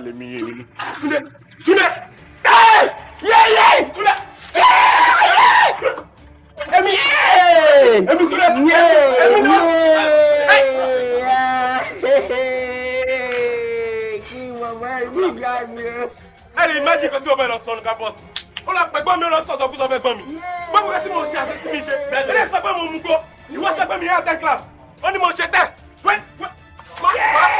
àgbà lèmi èmi ni. Hey, Túndé yéyé Túndé èmi èmi Túndé èmi náà. kí màmá ìlú Hey, mi ẹ. ẹ lè má jí kan tí mo bẹ lọ sọnù ká bọ́ọ̀sì ó lọ pẹ̀gbọ́n mi ó lọ sọ̀tọ̀ kú sọ fẹ́ gbọ́n mi gbọ́n mi tí mo ṣe àti tí I'm ṣe ilé ìsọgbọ́n mi ò mú kó ìwọ sọgbọ́n mi yà á tẹ́ class ó ní mo ṣe test wẹ́ẹ́ wẹ́ẹ́ máa máa.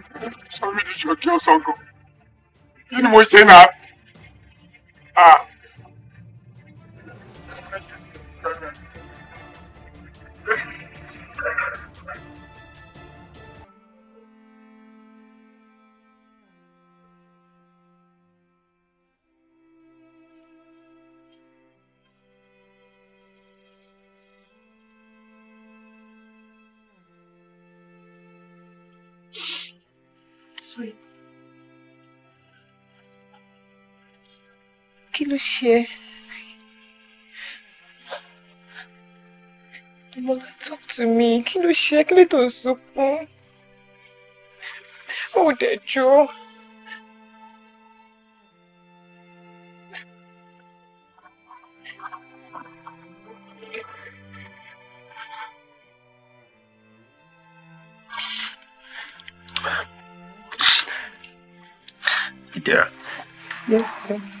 só um minutinho aqui, eu só que eu. E não mostrei nada. Ah. Thank you. kí ló ṣe é? Demola, talk to me. Kí ló ṣe é? Kí ló tó ń sunkún? Ó dẹjọ́. Yes, Demola.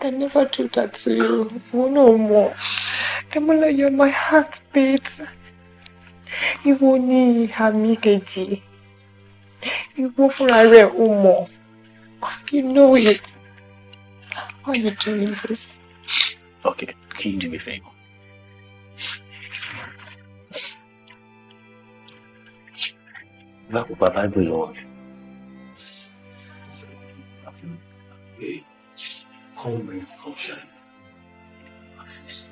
can never do that to you. Oh, no more. Demola, you're my heartbeat. you ni ìhà mi kejì. You fúnra rẹ ò mọ̀. You know it. Why are you doing this? Okay, can you do me a favor? Báwo bàbá ìbò lọ? homebrew culture. it's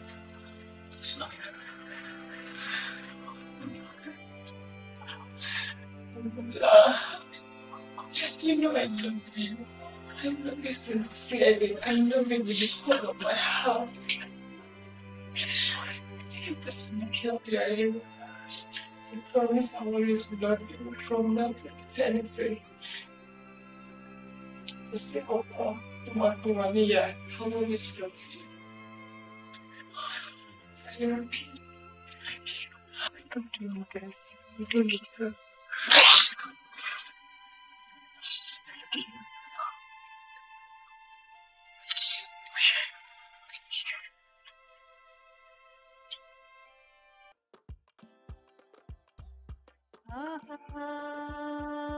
You know I love you. I love you sincerely. I love you with the whole of my heart. It doesn't kill you. I promise I will always love you from now to eternity. Você voltar tomar por amiga, how long is I can't do you guys. You don't deserve. Ah, you ah.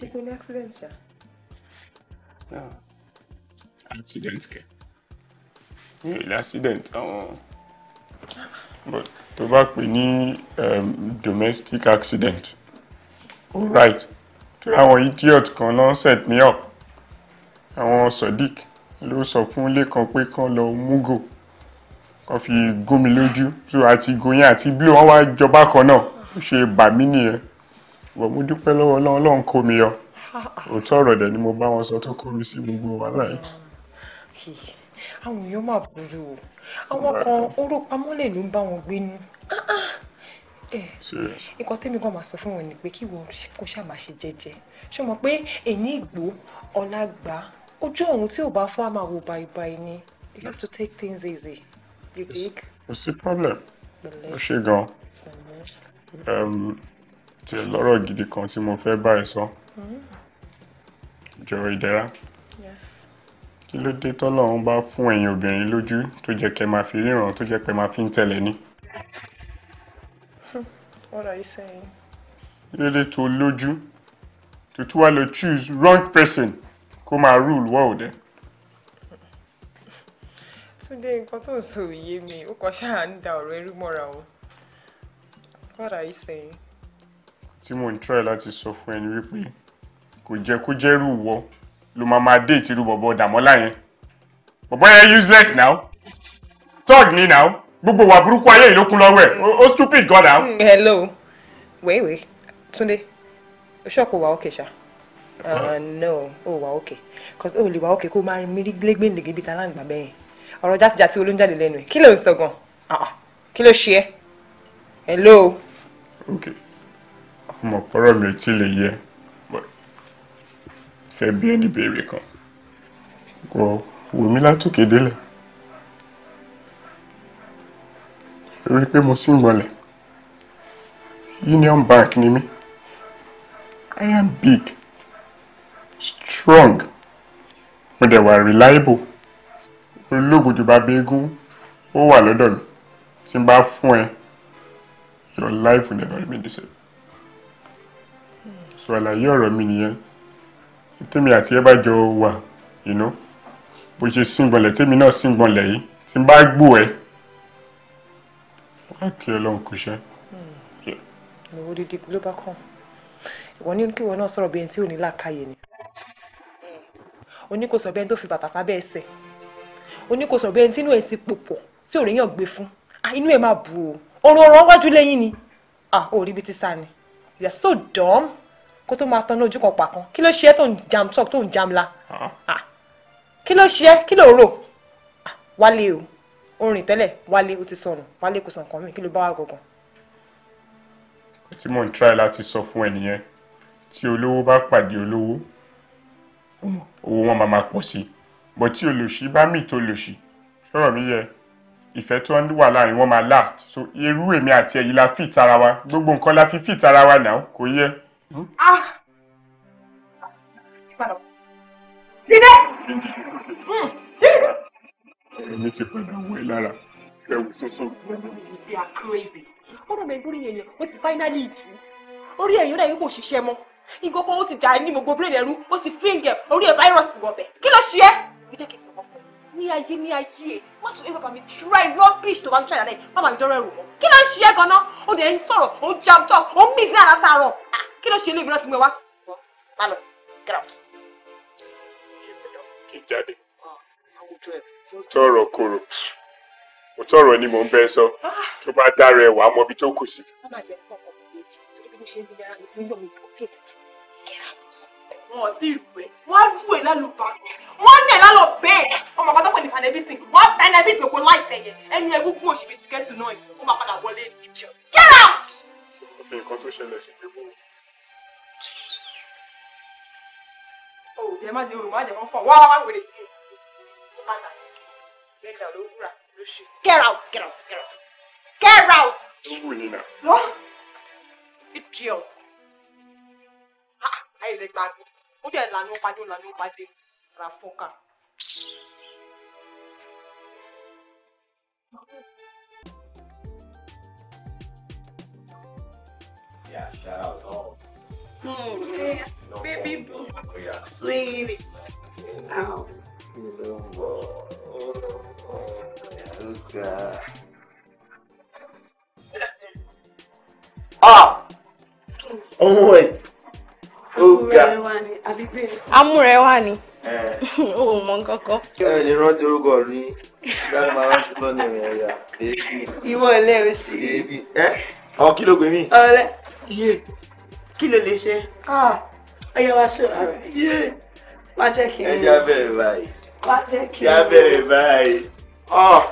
ṣe pé ó ní accident ṣá. accident kẹ ní ilé accident àwọn tó bá pè domestic accident all right torí àwọn idiot kan náà set me up àwọn sodiq ló sọ fún lẹ́kan pé kán lọ múgò kán fi gómi lójú so àti gòyìn àti bí wọ́n wá jọba kan náà ṣe bà mí nìyẹn ṣùgbọ́n mo dúpẹ́ lọ́wọ́ Ọlọ́run Ọlọ́run kó mi yọ òótọ́ ọ̀rọ̀ dẹ̀ ni mo bá wọn sọ tó kó mi sí gbogbo wàhálà yìí. àwọn èèyàn máa burú o àwọn kan orópamọ́lẹ̀ ló ń bá wọn gbénú ah, ah. eh, nǹkan tẹ́mi kan máa sọ fún wọn ni pé kí wọn kó ṣàmà ṣe jẹ́jẹ́ ṣé mọ̀ pé èyí ìgbó ọ̀la gbà ojú ọ̀run tí ò bá fọ́ àmà wò báyìí ni you have to take things easy you dig. kò sí problem ó ṣe gan-an tiẹ̀ lọ́rọ̀ gidi kan tí mo fẹ́ bá sọ jọ ìdẹ̀ra kí ló dé tọ́lọ́run bá fún ẹ̀yin obìnrin lójú tó jẹ́ kẹ́ máa fi ríran tó jẹ́ pé máa fi ń tẹ̀lé ni. Hmm. kí ló dé tó lójú tó tún wá choose wrong person kó máa rule world ẹ. Túndé nǹkan tó ń sọ òye mi ó kọ ṣáà ń da ọ̀rọ̀ ẹrú mọ́ra o. What are you saying? tí mò ń try láti sọ fún ẹni wípé kò jẹ́ kó jẹ́rú wọ ló máa máa dé ìtirú bọ̀bọ̀ dàmọ́lá yẹn bọ̀bọ̀ yẹn useless now thug ni now gbogbo wà burúkú ayé yìí ló kún lọ́wọ́ ẹ̀ ó stupid god now. Mm, hello wẹ́wẹ́ Túndé ṣọ́ọ̀kù wà ókè ṣá uh, no ó wà ókè cause ó lè wà ókè kó máa mi rí gbégbéǹdègé bíi taláǹgbà bẹ́yẹn ọ̀rọ̀ játijàti olóúnjáde lẹ́nu ẹ̀ kí ló ń sọ gan ah, ah. kí ló ṣe ẹ́ hello. okay mo pọ́rọ̀ mi ò tí lè yẹ fẹ́ bí ẹni béèrè kan kò wù mí látòkè délẹ̀ torí pé mo sì ń gbọ́lẹ̀ Union Bank ni mí I am big strong mo dẹ̀ wà reliable ológun jù bá bẹ́ẹ̀gún ó wà lọ́dọ̀ mi tí n bá fún ẹ your life will never be the same so àlàyé ọ̀rọ̀ mi nìyẹn tèmi àti ẹ bá jọ wà ìná bó ṣe síngbọnlẹ̀ tèmi náà síngbọnlẹ̀ yìí tí n bá gbò ẹ́ wọ́n kí ẹ lọ́n kú iṣẹ́. ìwọ dídí ló bá kàn ìwọ ní kí ìwọ náà sọ̀rọ̀ bí ẹni tí ò ní làákàyè ni oníkó sọ̀rọ̀ bí ẹni tó fi bàtà sábẹ́ ẹsẹ̀ oníkó sọ̀rọ̀ bí ẹni tí inú ẹ ti pòpọ̀ tí ò ríyàn gbé fún inú ẹ máa bù o òrùn ọ̀rọ̀ wájú lẹ́yìn ni ah orí bíi ti sá ni you are so dumb kó tó máa tanná ojú kan pàkan kí ló ṣe é tó ń jam talk tó ń jam la kí ló ṣe é kí ló rò wálé o orin tẹ́lẹ̀ wálé o ti sọ̀rọ̀ wálé kò sàn kàn mí kí ló bá wà gangan. tí mò ń try láti sọ fún ẹ nìyẹn tí olówó bá pàdé olówó owó wọn máa máa pọ̀ sí i bọ́ tí olòṣì bá mì tó lòṣì sọ̀rọ̀ mi yẹ ìfẹ́ tó ń wà láàrin wọn máa last so irú èmi àti ẹ̀yìn la fi ìtara wa gbogbo nǹkan la fi fi wa náà kò yẹ. Ah! Hmm? Ah! Padà. Jídé! Jídé! Èmi ti padà wọ ẹ lára. Ẹ wò They are crazy. Ọ̀rọ̀ mi lórí èèyàn, ó ti finally jù. Orí you náà yóò kò ṣiṣẹ́ mọ́. Nǹkan kan ó ti dà ní gbogbo brain ẹ̀rú, ó ti fíngẹ̀, orí ẹ̀ fáírọ̀sì wọ̀bẹ̀. Kí ló ṣe é? Jídé kìí sọ̀kọ̀ fún mi. Ní ayé ní ayé, má tún try rubbish to bá mi try dáadáa yìí, má bàbá mi dọ́rọ̀ ẹ̀rù mọ́. Kí ló ṣe é gan-an? Ó dẹ̀ ń sọ̀rọ̀, ó talk, ó mí sí kí ló ṣe ilé ìgbìmọ̀ fún mi wá. get out ah, just use the door. kì í jáde. àwùjọ ẹ̀ tọrọ koro mo tọrọ ni mò ń bẹ sọ ah. tó bá dára ẹ wàá mọbi tó kù sí. má jẹ́ fún ọkọ̀ mi torí bí mo ṣe ń bí ara mi ti ń yọ̀ mi kò kéèké wọn ti rù ẹ wọn rù ẹ lálùbá wọn nẹ lálọ bẹ́ẹ̀ ọmọ kan tó pè ní panabisi wọn panabisi kò láìsẹ yẹ ẹni ẹgúngún òṣìbìtì kẹsùn náà yìí ó máa padà wọlé ní kíkíọsì. get out. òfin nǹkan tó ṣẹlẹ̀ sí pé wọ́n jẹ má jẹ òun má jẹ fún wá wá wá wèrè kó má nà bẹ́ẹ̀ ló wúrà ló ṣe. get out get out get out get out. ó wù yín idiot ayé rẹ̀ gba mi ó dẹ̀ lànà pàdé lànà pàdé ra fún ká. Yeah, that was all. Mm. No Baby boo, oh, sweetie. Ow. Hello, Luca. Ah! Ọmọ ẹ̀. Amúrẹ̀ wà ní. O ò mọ kankan. Ẹ lè rántí orúkọ ní Gbàgbọ́n máa rántí sọ́ni ẹ̀rìn ẹ̀yà. Ìwọ ilé oṣù. Ẹ ọ kí ló gbé mi? Ọlẹ́ kí ló lè ṣe ọyọ wa ṣe ara ẹ wá jẹ́ kí n. ẹ jẹ́ abẹ́rẹ́ báyìí. wá jẹ́ kí n. jẹ́ abẹ́rẹ́ báyìí. Ah.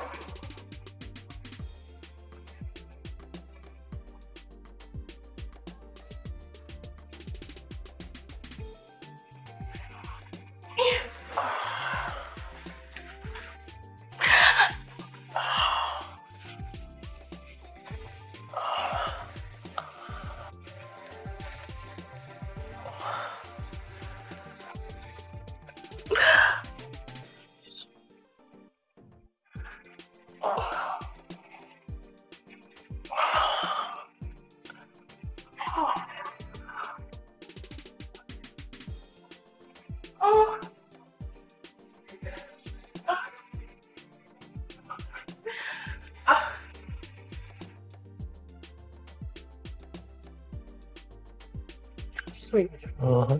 Sweet. Uh-huh.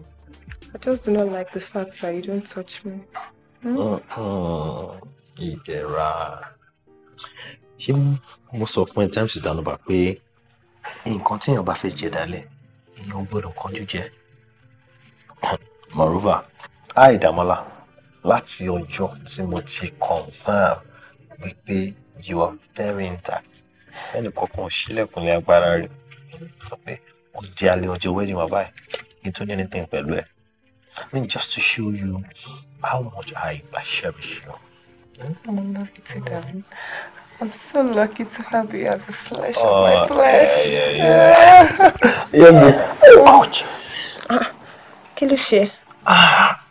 I just do not like the fact that you don't touch me. Hmm? Uh-huh. Ìdẹ̀ra. Ṣé mo sọ fún ẹ times ìdáná bá pé nǹkan tí èèyàn bá fẹ́ jẹ dálẹ̀ èèyàn gbọ́dọ̀ kánjú jẹ? Moreover, Àìdàmọ́lá láti ọjọ́ tí mo ti confirm wípé you are very intact ẹnì kọ̀ọ̀kan ò ṣílẹ̀kùnlé agbára rẹ̀ sọ pé ó jẹ́ alẹ́ ọjọ́ wedding wa báyìí. into anything pẹ̀lú I mean just to show you how much I, I cherish you. I'm lucky to darling. I'm so lucky to have you as a flesh oh, of my oh, flesh. Yeah, yeah, yeah. yeah, yeah. Ouch. Ah, kí Ah,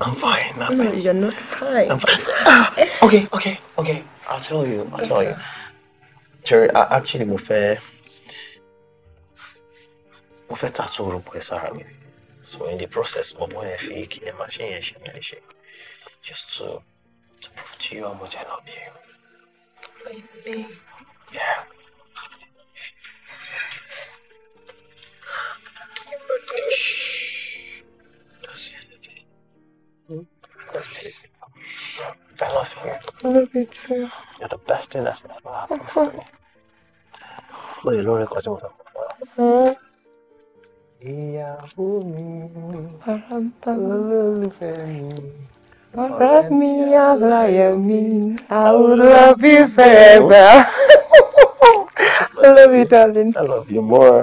I'm fine. I'm no, fine. you're not fine. I'm fine. Ah, okay, okay, okay. I'll tell you. I'll tell you. Cherry, I actually mo fair mo fẹ́ tàtú orúkọ so in the process my boy fi kí ẹ máa ṣe yẹn ṣe yẹn just to to prove to you how much I love you. Baby. Yeah. I love you. I love you too. You're the best thing that's ever happened to me. But you don't record it. ìyàwó mi olólùfẹ́ mi ọ̀rẹ́ mi aláyọ̀ mi àwòrán fífẹ́ I love you, darling. I love you more.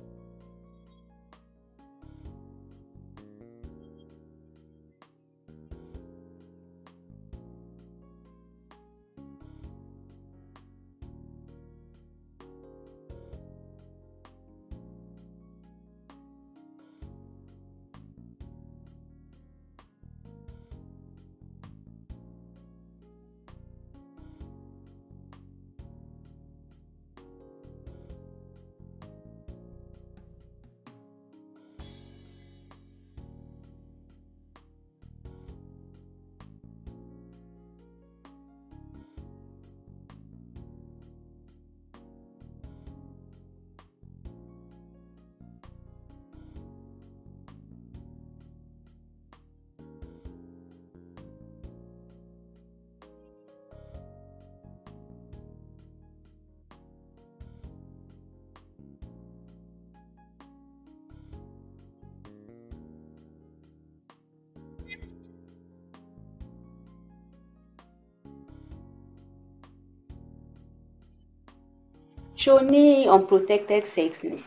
ṣó ní unprotected sex ni.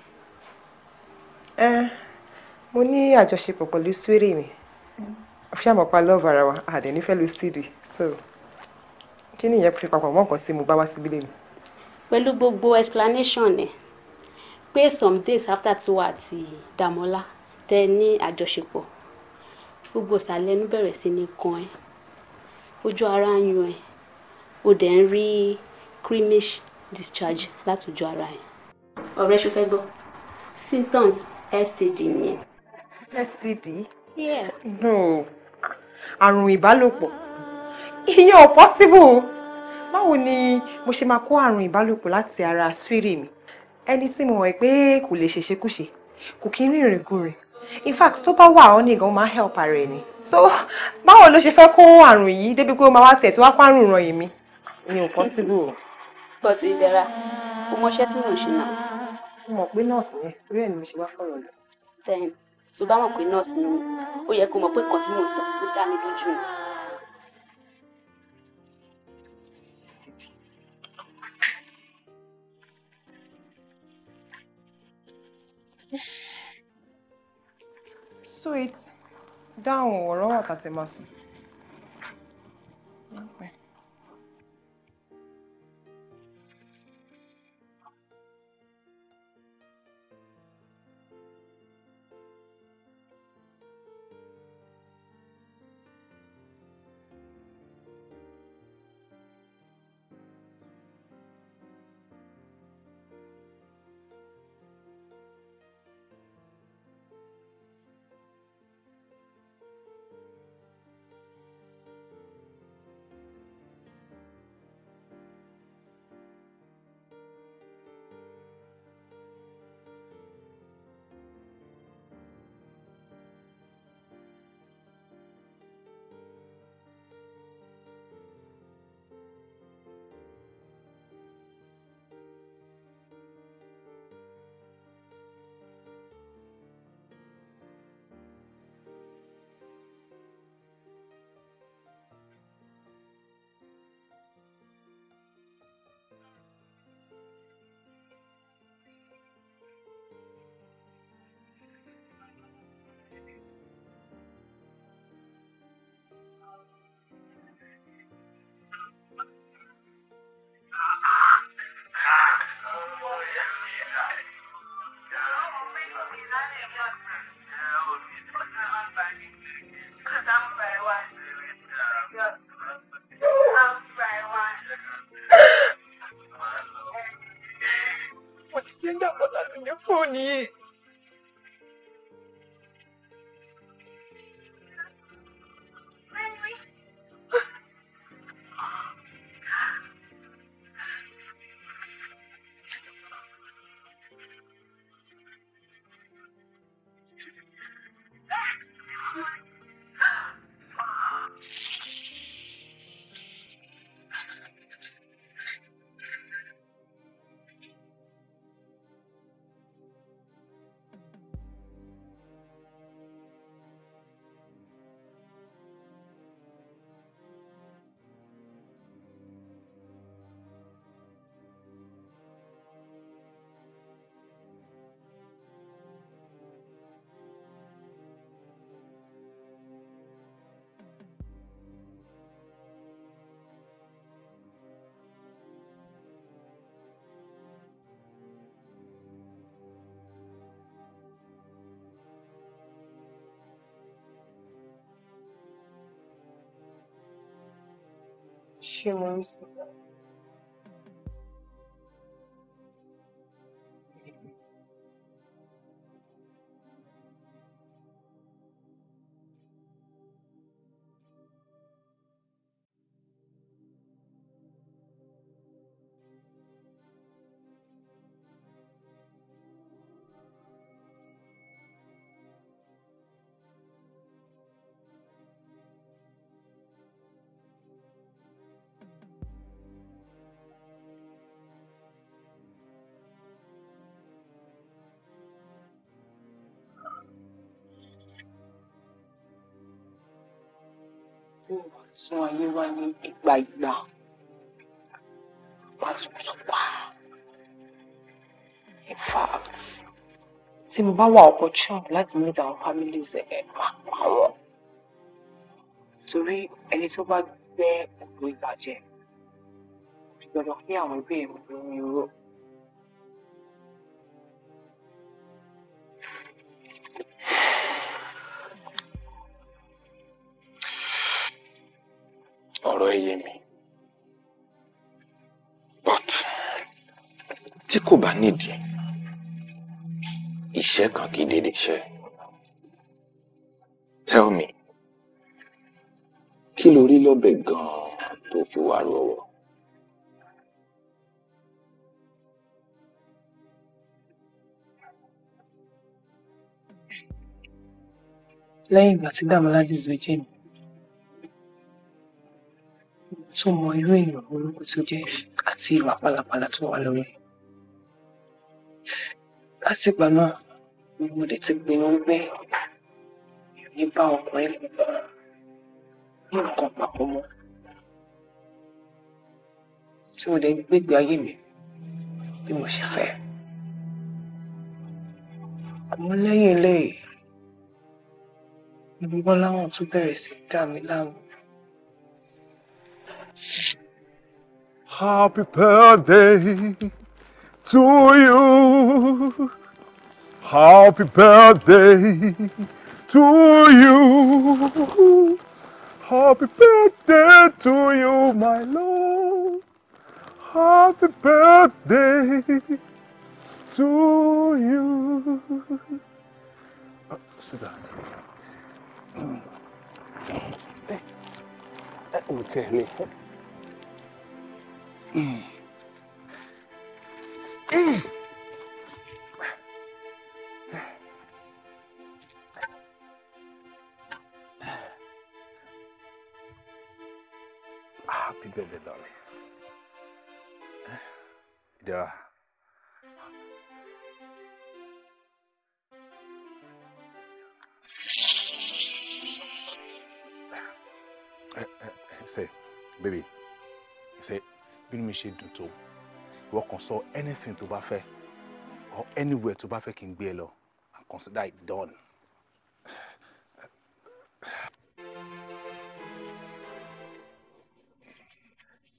ẹ mo ní àjọṣepọ̀ pẹ̀lú swere mi ṣàmọ̀pá lọ́ọ̀bù ara wa àdé nífẹ̀ẹ́ lu cd so kí nìyẹn fi papọ̀ mọ́ nǹkan tí mo bá wá síbí lèmi. pẹ̀lú gbogbo explanation ẹ̀ pé some days after tí wà àti Dàmọ́lá tẹ ní àjọṣepọ̀ gbogbo ìsàlẹ̀ ẹnu bẹ̀rẹ̀ sí ní kan ẹ́ ojú ara ń yan ẹ́ o dẹ̀ ń rí creamish discharge látòjú ara ẹ̀. ọ̀rẹ́ ṣe fẹ́ gbọ́ symptoms std nìyẹn. std? yeah. no àrùn ìbálòpọ̀ ìyẹn ò possible báwo ni mo ṣe máa kó àrùn ìbálòpọ̀ láti ara swiri mi ẹni tí mo mọ̀ pé kò lè ṣèṣe kò kí ń rìn ìrìnkúrìn in fact tó bá wà ọ́ ní gan máa help ara ẹ̀ ni so báwo ló ṣe fẹ́ kó àrùn yìí débi pé ó máa wá tiẹ̀ tí wá kó àrùn ràn mi ìyẹn ò possible but ìdẹ̀ra mo mọṣẹ́ tí mò ń ṣe náà. mo mọ̀ pé nọ́ọ̀sì ni torí ẹ̀ ni mo ṣe wá fọ̀rọ̀ lọ. then tó bá mọ̀ pé nọ́ọ̀sì ni mi ó yẹ kó mọ̀ pé nǹkan tí mò ń sọ ó dá mi lójú ni. sweet dáhùn ọ̀rọ̀ wà tàtẹ̀ máa sùn. 你。estimulem-se tí mo bá tún ayé wá ní ìgbà ìgbà wá tuntun wá in fact tí mo bá wà opportunity láti meet àwọn families ẹ máa pa wọn torí ẹni tó bá gbẹ́ òdo ìbàjẹ́ gbọ́dọ̀ kí àwọn ẹgbẹ́ ìmọ̀ lórí Europe. ọ̀rọ̀ ẹ mi but tí kò bá nídìí iṣẹ́ kan kì í dédé ṣe tell me kí lo rí lọ́bẹ̀ gan-an tó fi wá rọrọ̀. lẹ́yìn ìgbà tí Dàmọ́lá dìzọ́ jẹ́ mi tó mọ irú èèyàn burúkú tó jẹ́ àti ìwà pálapàla tó wà lórí. láti ìgbà náà ni mo dẹ̀ ti pinnu wípé mi ò ní bá ọkùnrin kankan ní nǹkan papọ̀ mọ́ tí mo dẹ̀ ń gbégbé ayé mi bí mo ṣe fẹ́. àmọ́ lẹ́yìn eléyìí ni bọ́láwọ̀n tún bẹ̀rẹ̀ sí dá mi láàmú. Happy birthday to you. Happy birthday to you. Happy birthday to you, my love. Happy birthday to you. Oh, sit down. Hey, that will tell me. 嗯嗯，啊，别别别，别，来，来，来，来，来，来，来，来，来，来，来，来，来，bínú mi ṣe dùn tó ìwọ kàn sọ anything tó bá fẹ́ or anywhere tó bá fẹ́ kí n gbé ẹ lọ and consider it done.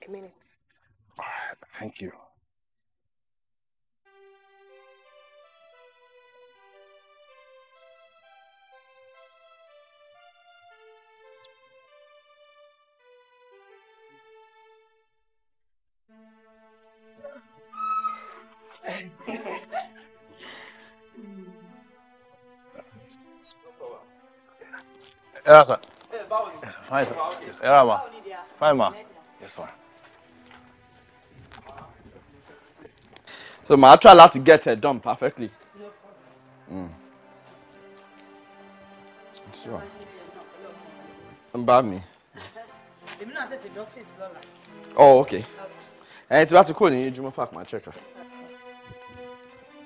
A minute. thank you. Yes sir. Yes fine sir. Yes, rà ma fine ma yes sir. so màá try to get her done perfectly. Mm. Sure. ń bá mi. oh okay And it's about to call ní jùmọ̀ fà máa check her.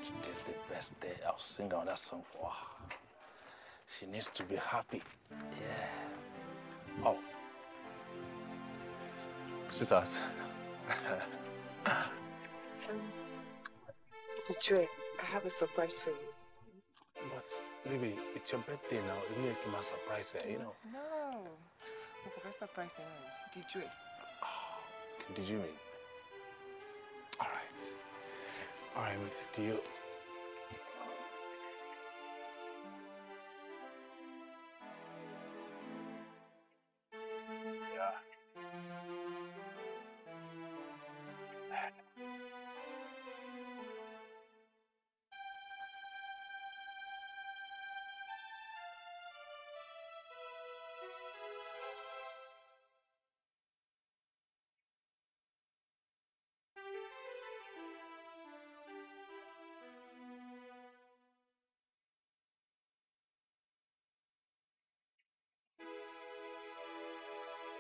Today the best day I'll will sing that song for her. She needs to be happy. Yeah. Oh. Sweetheart. um, Detroit, I have a surprise for you. But, baby, it's your birthday now. You make my surprise. surprise, eh, you know. No. What oh, surprise? Detroit. Eh? Oh, did you mean? All right. All right, but do deal.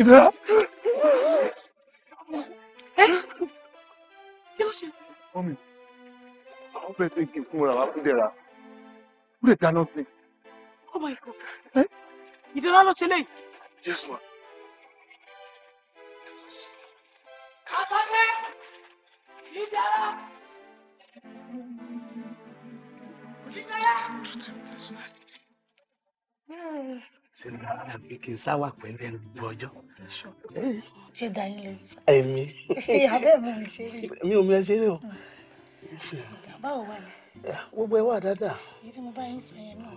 ìnira. ẹ kí ló ṣe. mọ́mí àwọn bẹ́ẹ̀ tí kì í fún ra wá fún oh my god ìdílá ló ṣe léyìí. yes ma. àtàkẹ́ hmm ṣe ní àbí kí n sáwà pẹ̀lú ẹnu gbogbo ọjọ́. ṣé dayin lè ṣe. ẹ̀mí. abẹ́ mi mi ṣeré. mi ò mi ẹ ṣeré o. báwo wà ní. gbogbo ẹ wà dáadáa. èyí tí mo bá yín sọ yẹn náà.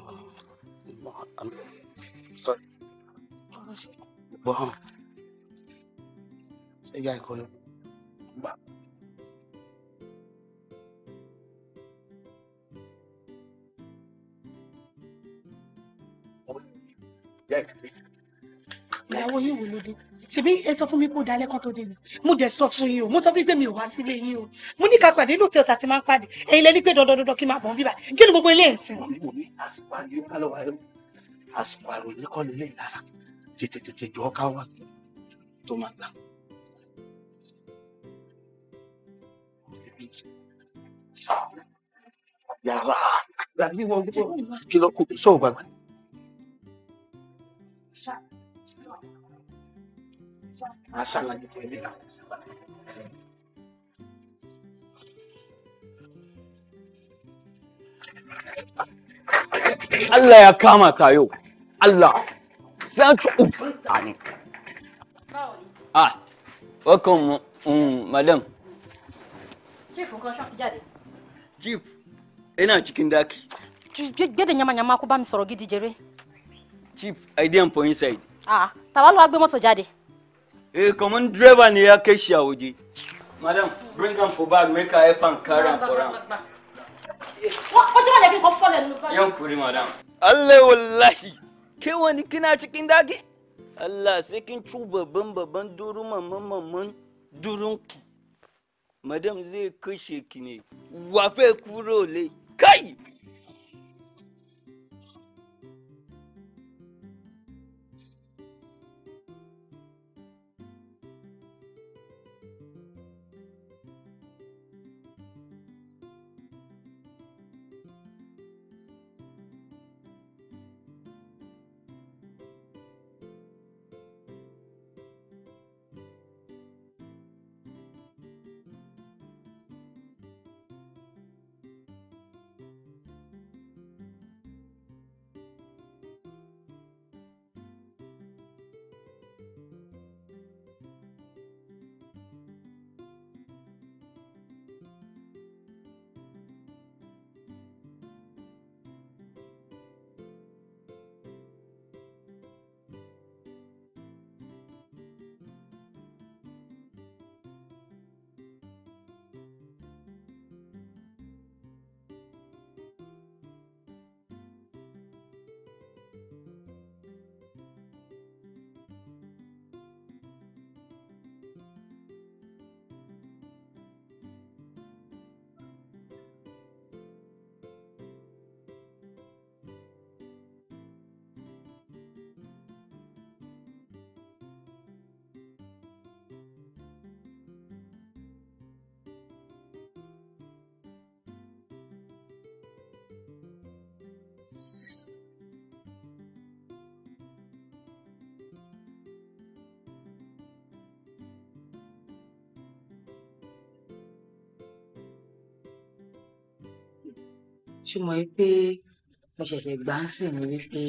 sọrí. gbọ́ ṣé ìyá ìkọlù. ìyàwó yín wò ló dé ṣebí ẹ sọ fún mi kó dalẹ kan tó dé ni mo dẹ sọ fún yín o mo sọ fún yín pé mi ò wá sílé yín o mo ní ká pàdé lóòótọ́ ọ̀tá tí máa ń pàdé ẹ̀yin lẹ́ni pé dandan dandan kí n máa bọ̀ ń kí ni gbogbo ilé ẹ̀ sìn. àsìkò àròyìn kọ́ nílé ìlara tètè tètè jọ ká wà tó máa gbà. yàrá àgbà ní wọn gbọ́ kí ló kù sóògbàgbà ni. Masalah gitu ini tak Allah ya kama ka yau Allah za ki ubanta ne ah welcome um, madam chief nǹkan ṣọ́ọ̀tì jáde. chief ina cikin daki. gbẹ̀dẹ̀ yamayama kó bá mi sọ̀rọ̀ gidi jere. chief i dey am for inside. ah tàwa ló moto gbé Eh, kaman direba ne ya kai shi a Madam, bring them for bag, make I help am carry am for am. What? ma yakin kofar da nufa. Yan kuri, madam. Allah wallahi, ke wani kina cikin daki? Allah sai kin cu babban babban duru mamman mamman durun ki. Madam zai kashe ki ne, wafe kuro le, kai! ṣé mo rí pé mo ṣẹ̀ṣẹ̀ gbà ń sìn ní wípé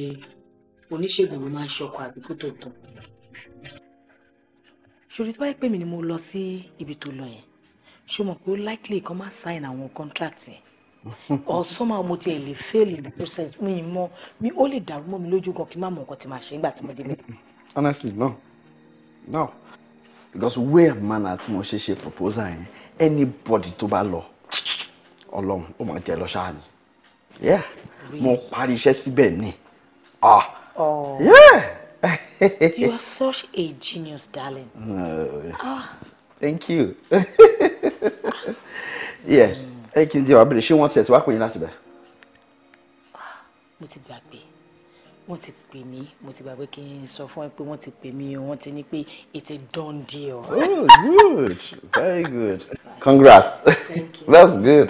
oníṣègùn ló máa ń ṣọkọ àbíkú tó tán. ṣòrí tó bá yẹ pé mi ni mo lọ sí ibi tó lọ yẹn ṣé mo pé likely kan máa sign àwọn contract yẹn or mo tiẹ̀ lè fail in the process mi mọ mi ó lè dàrú mọ́ mi lójú gan kí n má mọ nǹkan tí màá ṣe nígbà tí mo délé. honestly no no because where man tí mo ṣe ṣe proposal yẹn anybody tó bá lọ ọlọ́run ó máa jẹ lọ ṣáà ni yeah mo parí iṣẹ́ síbẹ̀ ni ah. oh. yeah. you are such a genius darling. Uh, ah. thank you yeah ẹ kí n di ọ̀bẹ̀rẹ̀ ṣé wọ́n tiẹ̀ ti wá pè yín láti bẹ̀. Ah, mo ti gbàgbé wọ́n ti pè mí mo ti gbàgbé kí n sọ fún ẹ pé wọ́n ti pè mí wọ́n ti ní pé it's a done deal. oh good very good congrats that's good.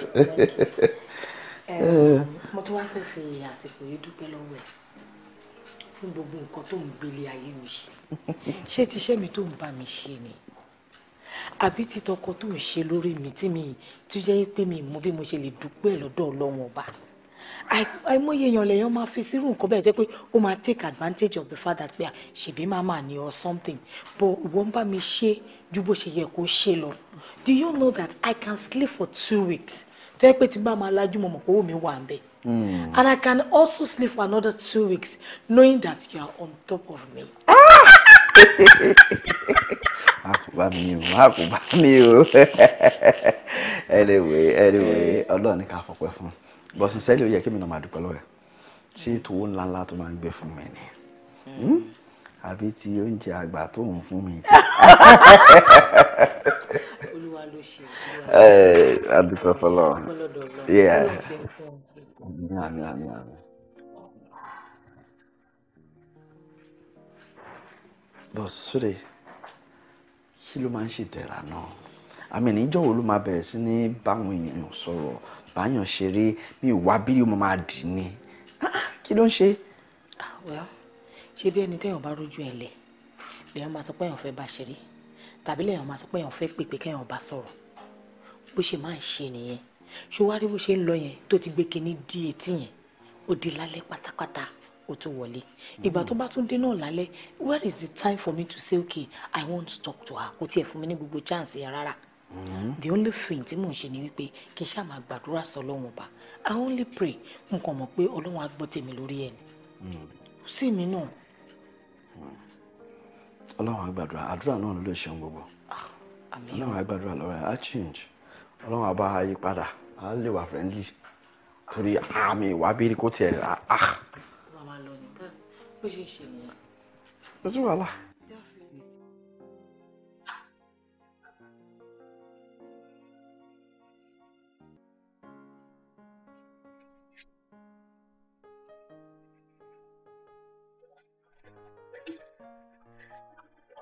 Um, mo tó wá fẹ́ fi àsìkò yìí dúpẹ́ lọ́wọ́ ẹ̀ fún gbogbo nǹkan tó ń gbélé ayé mi ṣe ṣé tiṣẹ́ mi tó ń bá mi ṣe ni àbí ti tọkọ tó ń ṣe lórí mi tí mi tó jẹ́ pé mi mọ bí mo ṣe lè dúpẹ́ lọ́dọ̀ ọlọ́run ọba àìmọye èèyàn lèèyàn máa fi sírù nǹkan bẹ́ẹ̀ jẹ́ pé ó máa take advantage of the fact that pé ṣèbí máa máa ní or something but ìwọ ń bá mi ṣe ju bó ṣe yẹ kó ṣe lọ do you know that I can sleep for two weeks tó yẹ pé tí n bá máa lajú mo mọ̀ pé owó mi wà ń bẹ́ẹ̀ Mm. And I can also sleep for another two weeks knowing that you are on top of me. a ah! kò bá anyway anyway eh. ọlọ́run ní ká fọpẹ́ fún but sincerely ó yẹ kí mi náà máa dúpẹ́ lọ́wọ́ ẹ̀ ṣé ètò owó ńlá ńlá tó máa ń gbé fún mi ni mm. hmm? àbí ti oúnjẹ àgbà tó ń fún mi. Hey, ló ṣe. adúpẹ́ fọlọ́ àmì àmì àmì. bọ̀sùrè kí ló máa ń ṣe dẹ̀ra náà àmì níjọ́ wo ló máa bẹ̀rẹ̀ sí ní báwọn èèyàn sọ̀rọ̀ báyọ̀ ṣeré bí ìwà bí yóò máa dì ní ah, kí ló ń ṣe. Ah, ṣé bí ẹni tẹ́yàn bá rójú ẹ̀ lẹ̀ lèèyàn máa sọ pé èèyàn fẹ́ bá ṣeré tàbí lẹ́yìn ọmọ àsopọ̀ èèyàn fẹ́ pèpè kẹ́yìn ọba sọ̀rọ̀ bó ṣe máa ń ṣe nìyẹn ṣó wá rí bó ṣe ń lọ yẹn tó ti gbé kinní dí etí yẹn ó di lálẹ́ pátápátá ó tó wọlé ìgbà tó bá tún dé náà lálẹ́ where is the time for me to say okay I want to talk to her kò tiẹ̀ fún mi ní gbogbo chance yẹn rárá mm-hmm. the only thing tí mò ń ṣe ni wípé kí n ṣáà máa gbàdúrà sọ ọlọ́run ọba I only pray mo kàn mọ̀ pé ọlọ́run á gbọ́ tèmi lórí ẹ̀ ni mm. sí mi náà ọlọ́run á gbàdúrà àdúrà náà ló lè ṣeun gbogbo ah, ọlọ́run á gbàdúrà lọ́wọ́ ẹ̀ á change ọlọ́run á bá a yí padà á lè wà friendly torí àmì ah, ìwà bí kò tiẹ̀ Ah. ah. bó ṣe ń ṣe nìyẹn. kò sí wàhálà.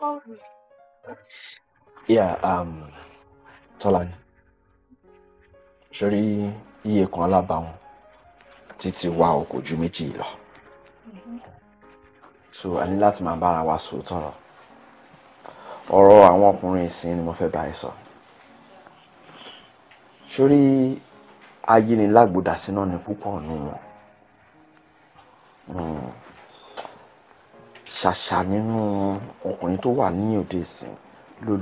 Oh. Yeah, um, Tọ́lání. Ṣorí iye kan alábàáwọn títí wa ò kò ju méjì lọ. So a ní láti máa bára wa sòótọ́ lọ. Ọ̀rọ̀ àwọn ọkùnrin ìsìn ni mo fẹ́ bá ẹ sọ. Ṣorí ayé ni lágbódà síná ni púpọ̀ nù wọn. Mm ṣàṣà nínú ọkùnrin tó wà ní òde ìsìn ló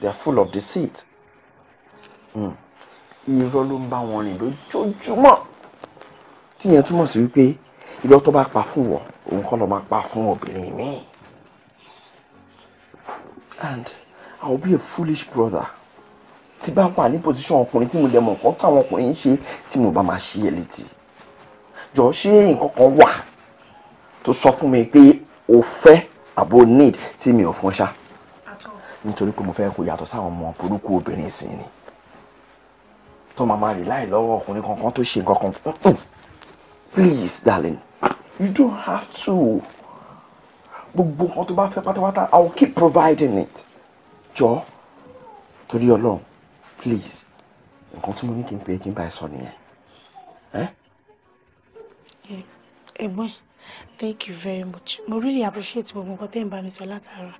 they are full of deceit hmm. irọ́ ló ń bá wọn rìn lójoojúmọ́ tíyẹn túmọ̀ sí wípé irọ́ tó bá pa fún wọ òun kọ́ ló máa pa fún obìnrin míì and I will be a foolish brother tí bá wà ní position ọkùnrin tí mo dẹ̀ mọ̀ nǹkan táwọn ọkùnrin ń ṣe tí mo bá máa ṣe ẹ̀ létí jọ ṣé nǹkan kan wà tó sọ fún mi pé o fẹ́ àbò need tí mi ò fún ṣá nítorí pé mo fẹ́ kó yàtọ̀ sáwọn ọmọ burúkú obìnrin sí ni tó máa máa rely lọ́wọ́ ọkùnrin kankan tó ṣe nǹkan kan please darling you don't have to gbogbo nǹkan tó bá fẹ́ pátápátá i will keep providing it jọ torí ọlọ́run please nǹkan tí mo ní kí n pè é kí n bá ẹ sọ nìyẹn. ẹ̀gbọ́n ẹ̀ thank you very much mo really appreciate gbogbo nǹkan tẹ́ ń bá mi sọ látara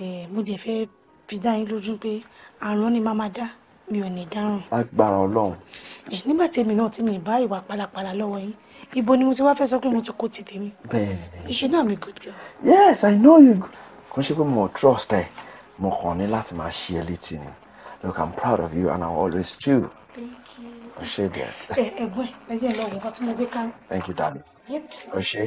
eh, mo dẹ̀ fẹ́ fi dá yín lójú pé àrùn ni màmá dá mi ò ní dárùn. agbára Ọlọ́run. Eh, nígbà tí èmi náà tí mi bá ìwà pálapàla lọ́wọ́ yín ibo ni mo ti wá fẹ́ sọ pé mo ti kó ti tèmi. bẹ́ẹ̀ni. you should know I'm good girl. yes i know you. kò ṣe pé mo trust ẹ mo kàn ní láti máa ṣe ẹ létí ni look i'm proud of you and i will always do. o ṣe díẹ̀. ẹ ẹ̀gbọ́n ẹ jẹ́ lọ got tí mo gbé thank you darling Yep. ṣe.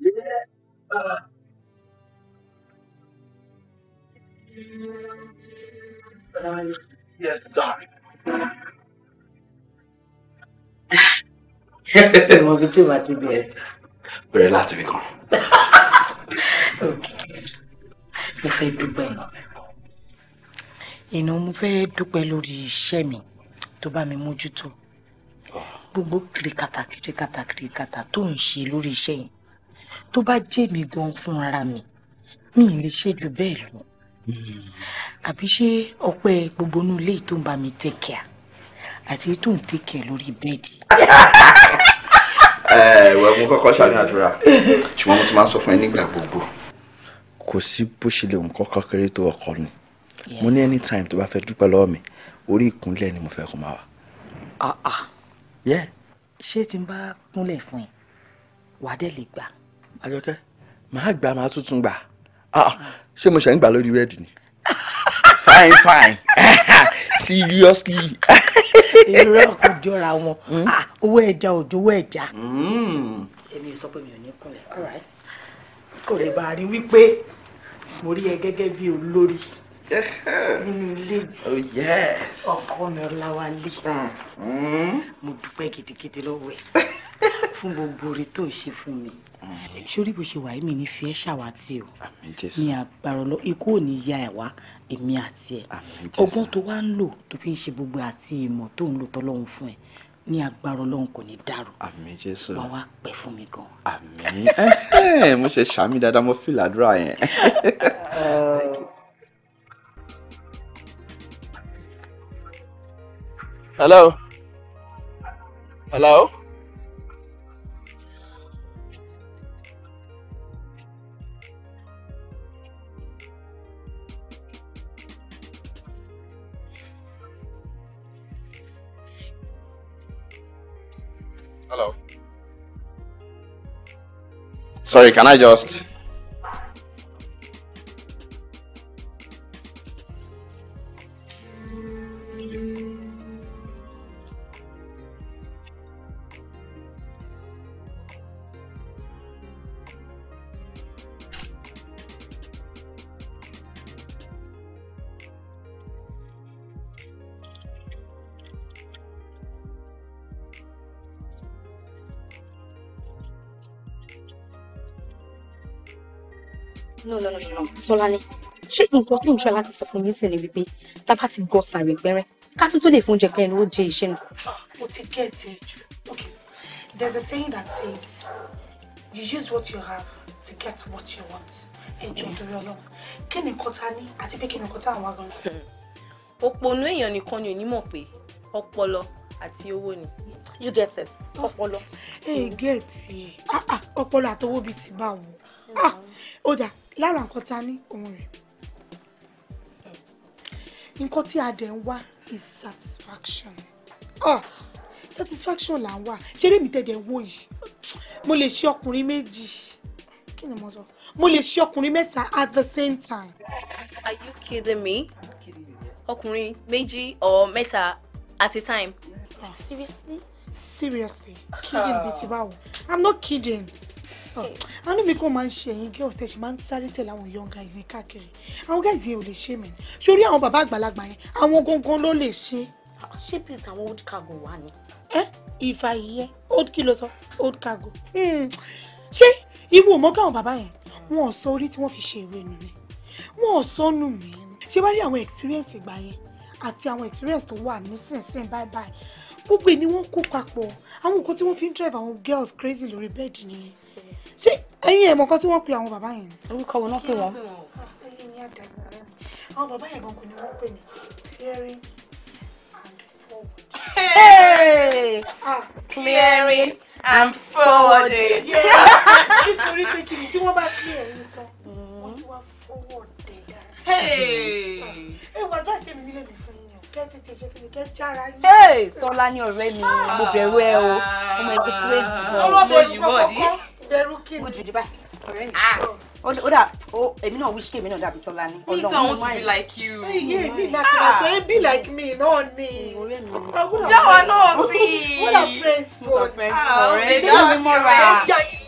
Yeah. Uh, Yes, darling. Mo bi tí màá ti bẹ̀rẹ̀. Bẹ̀rẹ̀ láti fi kàn. Mo fẹ́ dúpẹ́. Ìnà mo fẹ́ dúpẹ́ lórí iṣẹ́ mi tó bá mi mójútó. Gbogbo kìrìkàtà kìrìkàtà kìrìkàtà tó ń ṣe lórí iṣẹ́ yìí. Tó bá jẹ́ mi gan fúnra mi, mi ì lè ṣe jù bẹ́ẹ̀ àbí ṣé ọpẹ́ gbogbo inú ilé tó ń bá mi take care àti tó ń take care lórí bẹ́ẹ̀dì. ẹ wẹ mo kọ́kọ́ ṣàdúrà ṣùgbọ́n mo ti máa ń sọ fún ẹ nígbà gbogbo kò sí bó ṣe lè nǹkan kan kéré tó ọkọ ni mo ní anytime tó bá fẹ́ dúpẹ́ lọ́wọ́ mi orí ìkúnlẹ̀ ni mo fẹ́ kó máa wà. Ah, ah. ṣé tí n bá kúnlẹ̀ fún ẹ wàá dẹ̀ lè gbà. àjọkẹ́ màá gbà màá tuntun gbà. Ah, ah. ṣé mo ṣe ń gbà lórí wẹ́ẹ̀dì ni. fine fine seriously. irọ́ kò jọra wọn hmm? ah, owó ẹja òjò owó ẹja. Hmm. èmi sọ pé mi ò ní kúnlẹ̀ kò lè bá a rí wípé mo rí ẹ gẹ́gẹ́ bí olórí nínú ilé oh, yìí ọkọ mi ọláwálé hmm, mo dúpẹ́ gidigidi lọ́wọ́ ẹ fún gbogbo oore tó ń ṣe fún mi sórí bó ṣe wà mí ní fi ẹ́ ṣàwátì o ní agbára lọ ikú ò ní ya ẹ̀ wá èmi àti ẹ̀ ọgbọ́n tó wá ń lò tó fi ń ṣe gbogbo àti ìmọ̀ tó ń lò tọ́lọ́run fún ẹ ní agbára ọlọ́run kò ní dàrú. àmín jésù wà wá pẹ́ fún mi gan. àmín mo ṣe ṣàmì dáadáa mo fi làdúrà yẹn. hello hello. Sorry, can I just? Tọ́lání ṣé nǹkan tó ń ṣe láti sọ fún mi sì ni wípé tá a bá ti gọ sàrè gbẹrẹ ká tó tó lè fún oúnjẹ kan ẹni ó jẹ iṣẹ́ náà. mo ti gẹ́ ẹ̀ tí ju okay there's a saying that says you use what you have to get what you want ẹjọ torí Ọlọ́run kí ni nǹkan tá a ní àti pé kí ni nǹkan tá à ń wá gan. òpònú èèyàn nìkan ni ò ní mọ̀ pé ọpọlọ àti owó ni you get it ọpọlọ. ẹ gẹ́ẹ̀tì ah, ah, ọpọlọ àtọwọ́ bíi ti báwo mm-hmm. ah, ó dà lára nǹkan tá ní òun rẹ̀ nǹkan tí a dẹ̀ ń wá is satisfaction oh satisfaction là ń wá ṣeré mi tẹ̀dẹ̀ wò yìí mo lè ṣe ọkùnrin méjì kí ni mo sọ mo lè ṣe ọkùnrin mẹ́ta at the same time. are you kidding me ọkùnrin méjì or mẹ́ta at a time. Ah, seriously seriously kidding bíi ti báwo i'm not kidding. I ah, mi kò máa ń ṣe ẹ̀yin girls tẹ̀ ṣe máa ń sáré tẹ̀lé young guys yẹn káàkiri àwọn guys yẹn ò lè ṣe mí sórí àwọn bàbá àgbàlagbà yẹn àwọn gangan ló lè ṣe. Ah, ṣé bíi àwọn old cargo wà ni. ẹ ìfà yìí ẹ old kí ló sọ old cargo hmm. ṣé ìwọ ò mọ̀ káwọn bàbá yẹn wọn ò sọ orí tí wọ́n fi ṣe ìwé nù mí wọn ò sọ nù mí ṣé bá rí àwọn experience ìgbà yẹn àti àwọn experience tó wà nísinsìnyí bye bye gbogbo ni wọ́n kó papọ̀ àwọn nǹkan tí wọ́n fi ń drive àwọn girls crazy lórí bẹ́ẹ̀dì nìyẹn ṣé ẹ̀yin ẹ̀mọ̀ kan tí wọ́n pe àwọn bàbá yẹn. orúkọ wo náà pè wọ́n. Ah, àwọn bàbá yẹn gan kò ní wọ́n pè ní clearing and forwarding. Hey! clearing and forwarding. Ah, nítorí pé kí tí wọ́n bá clear yín tán wọ́n mm-hmm. ti wá forward dẹ̀ dára. Ah, ẹ wà dúrà sí èmi mi fún Hey, tètè ṣe kí ni kẹ́ jára yín. ee Tọ́lá mi mo bẹ̀rù ẹ o ah. ọmọ ẹ ti crazy gan. ọlọ́bẹ̀ yìí wọ̀ dí. bẹ̀rù kí ni. mo jù díbà ọ̀rẹ́ mi ah. ó dà ó èmi náà wíṣíkì èmi náà dàbí tọ́lá ní. ọlọ́run máa ń bí like you. iye mi láti máa So ẹ be like me náà ni. jẹ́wọ́ náà sí i. wọ́n friends for ọ̀rẹ́ mi mọ́ra.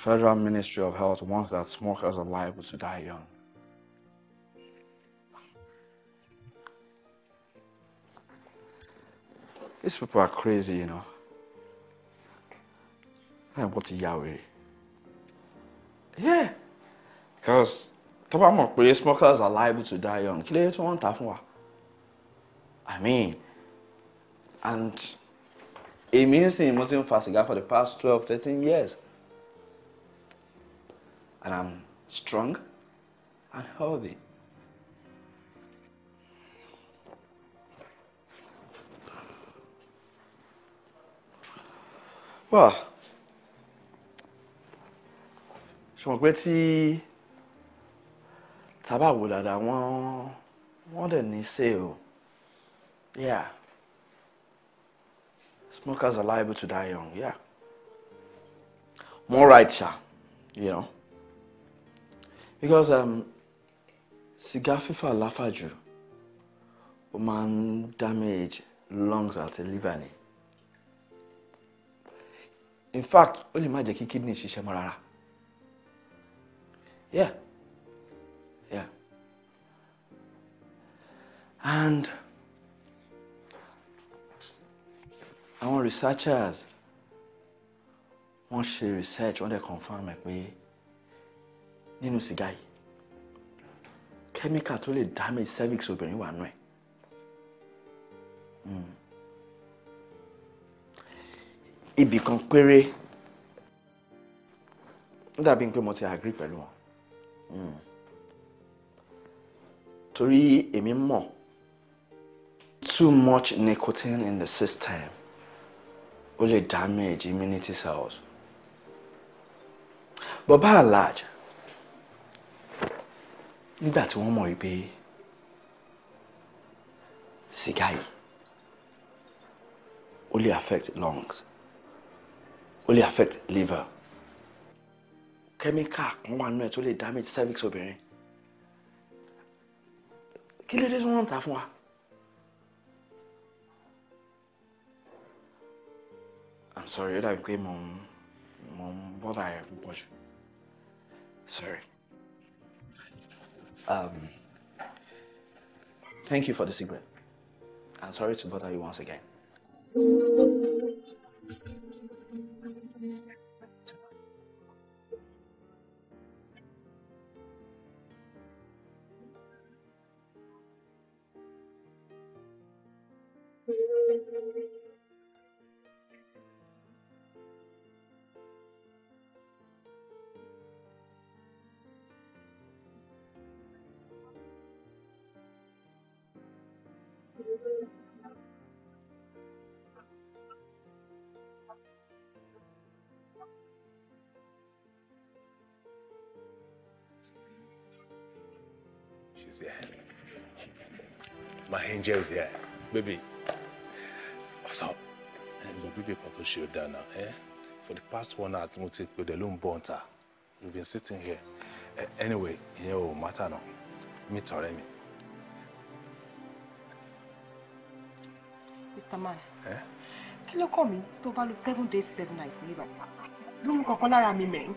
Federal Ministry of Health wants that smokers are liable to die young. These people are crazy, you know. And what Yahweh? Yeah. Because tó bá mọ̀ smokers are liable to die young kí ló yẹ i mean and èmi means he mo ti ń for the past twelve thirteen years and I'm strong and healthy. Well, ṣùgbọ́n pé tí tábà wò dáadáa wọ́n wọ́n dẹ̀ ní ṣe o. Yeah. Smokers are liable to die young. Yeah. More right, sha. You know because um, sìgá fífà láfàjù ó máa ń damage lungs àti liver ni in fact ó lè má jẹ́ kí kidney ṣiṣẹ́ mọ́ rárá yeah yeah and àwọn researchers wọ́n ṣe research wọ́n dẹ̀ confirm ẹ̀ pé nínú sìgá yìí kẹ́míkà tó lè damage cervix obìnrin wà nù ẹ̀ hmm. ibì kan péré ó dàbí pé mo ti agree pẹ̀lú wọn hmm. torí èmi mọ̀ too much nicotine in the system ó lè damage immunity cells but by and large nígbà tí wọ́n mọ̀ wípé sìgá yìí ó lè affect lungs ó lè affect liver kẹ́míkà kan wà nínú ẹ̀ tó lè damage cervix obìnrin kí ló dé tí wọ́n ń ta fún wa. I'm sorry ó dàbí pé mo ń mo ń bọ́dà ẹ̀ púpọ̀ jù sorry. Um, thank you for the cigarette. I'm sorry to bother you once again. is My angel is here. Baby. What's up? But baby, Papa, she down now, eh? For the past one hour, mo ti pè dé ló ń bọ̀ ńta. We've been sitting here. Uh, anyway, ìyẹn ò matter now. Mi tọ̀rẹ́ mi. Mr. Man. Eh? Kí ló kàn mí tó bá seven days, seven nights ní ìbàdàn? Ló mú kankan lára mi mẹ́rin.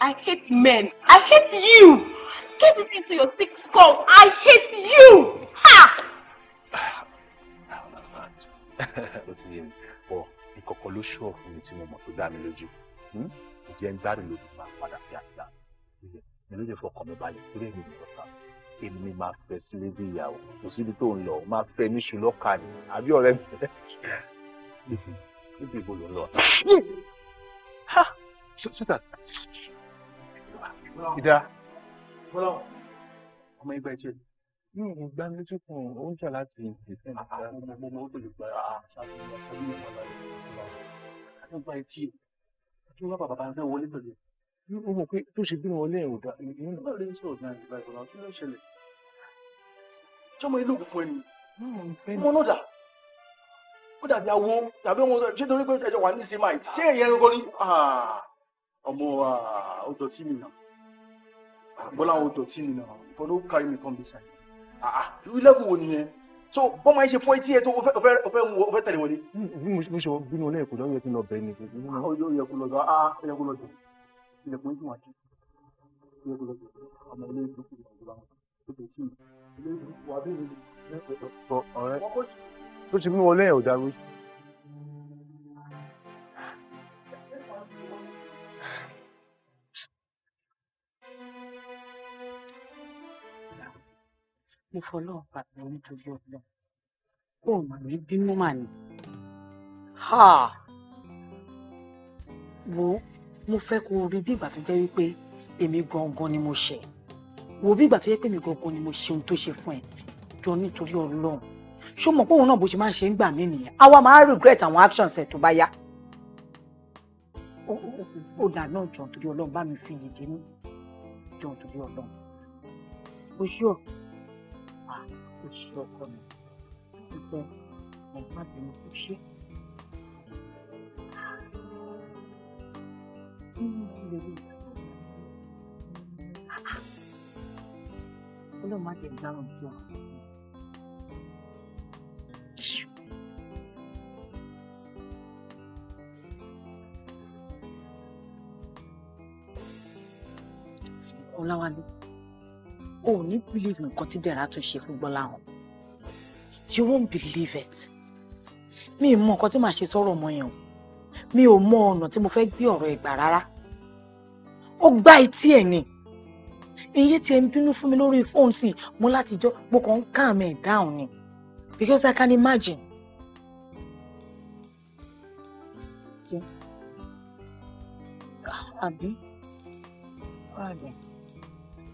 I hate men. I hate you. Get it into your thick skull. I hate you. Ha! I understand. What's ti yé mi. Bọ̀ ìkọ̀kọ̀ ló ṣọ́ ọ̀fun mi tí mo mọ̀ tó dá mi lójú. Hmm? Ǹjẹ́ ń gbádùn ló máa padà fi for coming ló lè fọkàn mi balẹ̀ torí èmi ò lọ́ta. Èmi ni máa fẹ́ sílé bí ìyàwó. Kò síbi tó ń lọ, ó máa fẹ́ níṣu lọ́ka ni. Àbí ọ̀rẹ́ mi. Níbi ìbò Ha! Susan! Ida bọ́lá ọmọ ẹgbẹ́ tiẹ̀. mi ò gbá mi tún fún un ó ń jà láti ìdílé náà. mo mọ mo bèrè pé ṣàfihàn sábẹ́ ìwà balẹ̀ ìwà àdúgbà etí ẹ̀ tún wá bàbá bá fẹ́ wọlé pẹ̀lú. ó mọ̀ pé tó ṣe bí wọn lé ẹ̀wọ̀dà ìlú náà. báwo lè ń sọ̀rọ̀ náà ìgbà ìgbà kí ló ń ṣẹlẹ̀? sọmọ ilé òkú fún ẹni mo náà dà ó dàbí awo tàbí ohun ṣé torí pé ẹjọ wà ní semite ṣé èyí ẹranko ni ọmọ ọdọ tí mi náà bọ́lá àwọn dọ̀tí mi náà for no carry me come this side ah, ah level wo nìyẹn so bọ́n máa ń ṣe fún etí ẹ̀ tó o fẹ́ o fẹ́ o fẹ́ tẹ̀lé wọlé. bí mo ṣe bínú ọlẹ́ ìkọjá ó yẹ kí n lọ bẹ́ẹ̀ ni. Ah, ó yẹ kó lọ dọ̀ á yẹ kó lọ dọ̀ ilẹ̀kùn tí wọ́n ti ó yẹ kó lọ dọ̀ ọmọ ilé ìdókòwò ìjọba ó dé tí mi ilé ìdókòwò abẹ́rẹ́ mi. ọ̀rẹ́ bó ṣe bínú ọlẹ́ ẹ̀ ò mo fọlọ́ pàtẹ nítorí ọlọ ó mà mí bínú mà ní. wo mo fẹ́ kó o rí bí ìgbà tó jẹ́ wípé èmi gangan ni mo ṣẹ̀ wo bí ìgbà tó jẹ́ pé èmi gangan ni mo ṣe ohun tó ṣe fún ẹ jọ nítorí ọlọ́run ṣó mọ̀ pé òun náà bó ṣe máa ń ṣe ń gbà mí nìyẹn àwa máa regret àwọn actions ẹ̀ tó bá yá ó dà náà jọ̀ nítorí ọlọ́run bá mi fi yìí dénú jọ̀ nítorí ọlọ́run oṣù ọ̀ máa kó ọkọ mi kó fẹ́ ẹ̀gbọ́n tèmi ṣe. ọlọ́run má jẹ́ ìdáhùn fún ọ. Ọláwálé. Oh, ò ní believe nǹkan tí dẹ̀ra tún ṣe fún Gbọ́láhàn you won't believe it mi ì mọ nǹkan tí màá ṣe sọ̀rọ̀ ọmọ yẹn o mi ò mọ ọ̀nà tí mo fẹ́ gbé ọ̀rọ̀ ẹ̀ gbà rárá ó gbá etí ẹ̀ ni iye tí ẹ ń bínú fún mi lórí fóònù sí mo láti jọ mo kàn ń calm ẹ̀ down ni because I can imagine. àbí? Ọ̀rọ̀ àgbẹ̀.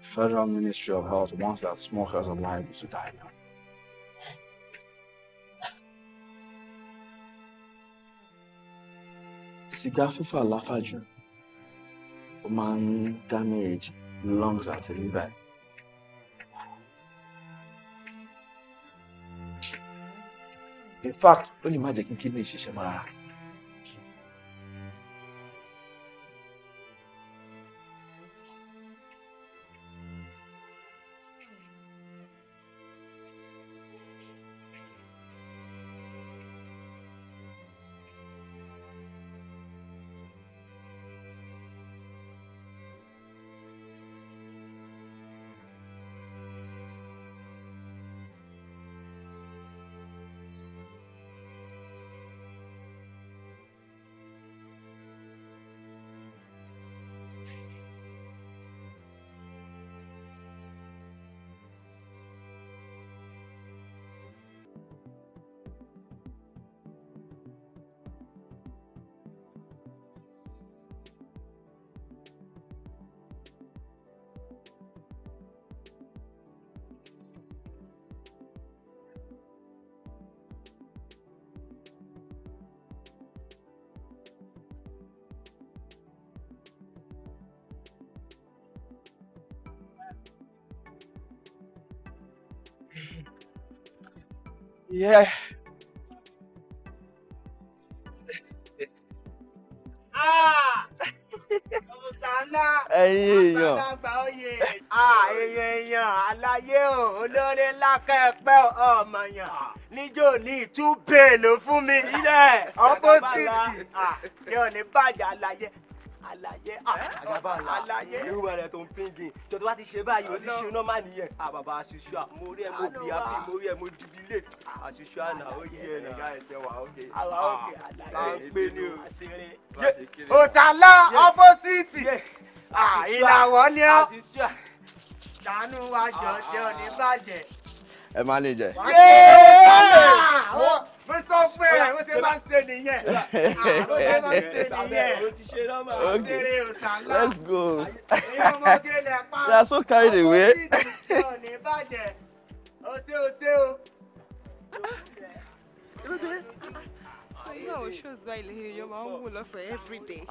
the Federal Ministry of Health wants that smokers are liable to die now. Sìgá fífà láfàjù, damage lungs àti liver. In fact, ó lè má jẹ́ kidney is mọ́ rárá. Yeah. Ah! ẹ̀yin èèyàn èèyàn ah, èèyàn aláyé o olórí ńlá kẹpẹ ọmọọyàn níjó ní ìtúbẹ̀ẹ́ ló fún mi ọpọ́sìtì yóò ah, ní bàjẹ́ aláyé alaye àgàbà alaye irúgbà rẹ tó ń píngin jọ tó bá ti ṣe báyìí o ti ṣe nọ́mà nìyẹn àbàbà àṣìṣù à mo rí ẹ mo bì á mo rí ẹ mo jubilé àṣìṣù ah, àná ó ẹ nìyà ẹsẹ wà ókè àwà ókè ní o àṣírí òsàlá ìlàwọ ni ọ sànú wa jọ jẹ ò ní bàjẹ́. ẹ má lè jẹ mo sọ pé ó ṣe máa ń ṣe nìyẹn ó máa ń ṣe nìyẹn ó ti ṣe lọ́mọ àṣírí òṣàlá let's go ìyọmọdé lẹ pa they are so carried away. ọmọ ìdí ìbàjẹ́ ó ṣe ó ṣe o. so irú àwọn shows báyìí lè yan máa ń wò lọ́fẹ̀ẹ́ every day.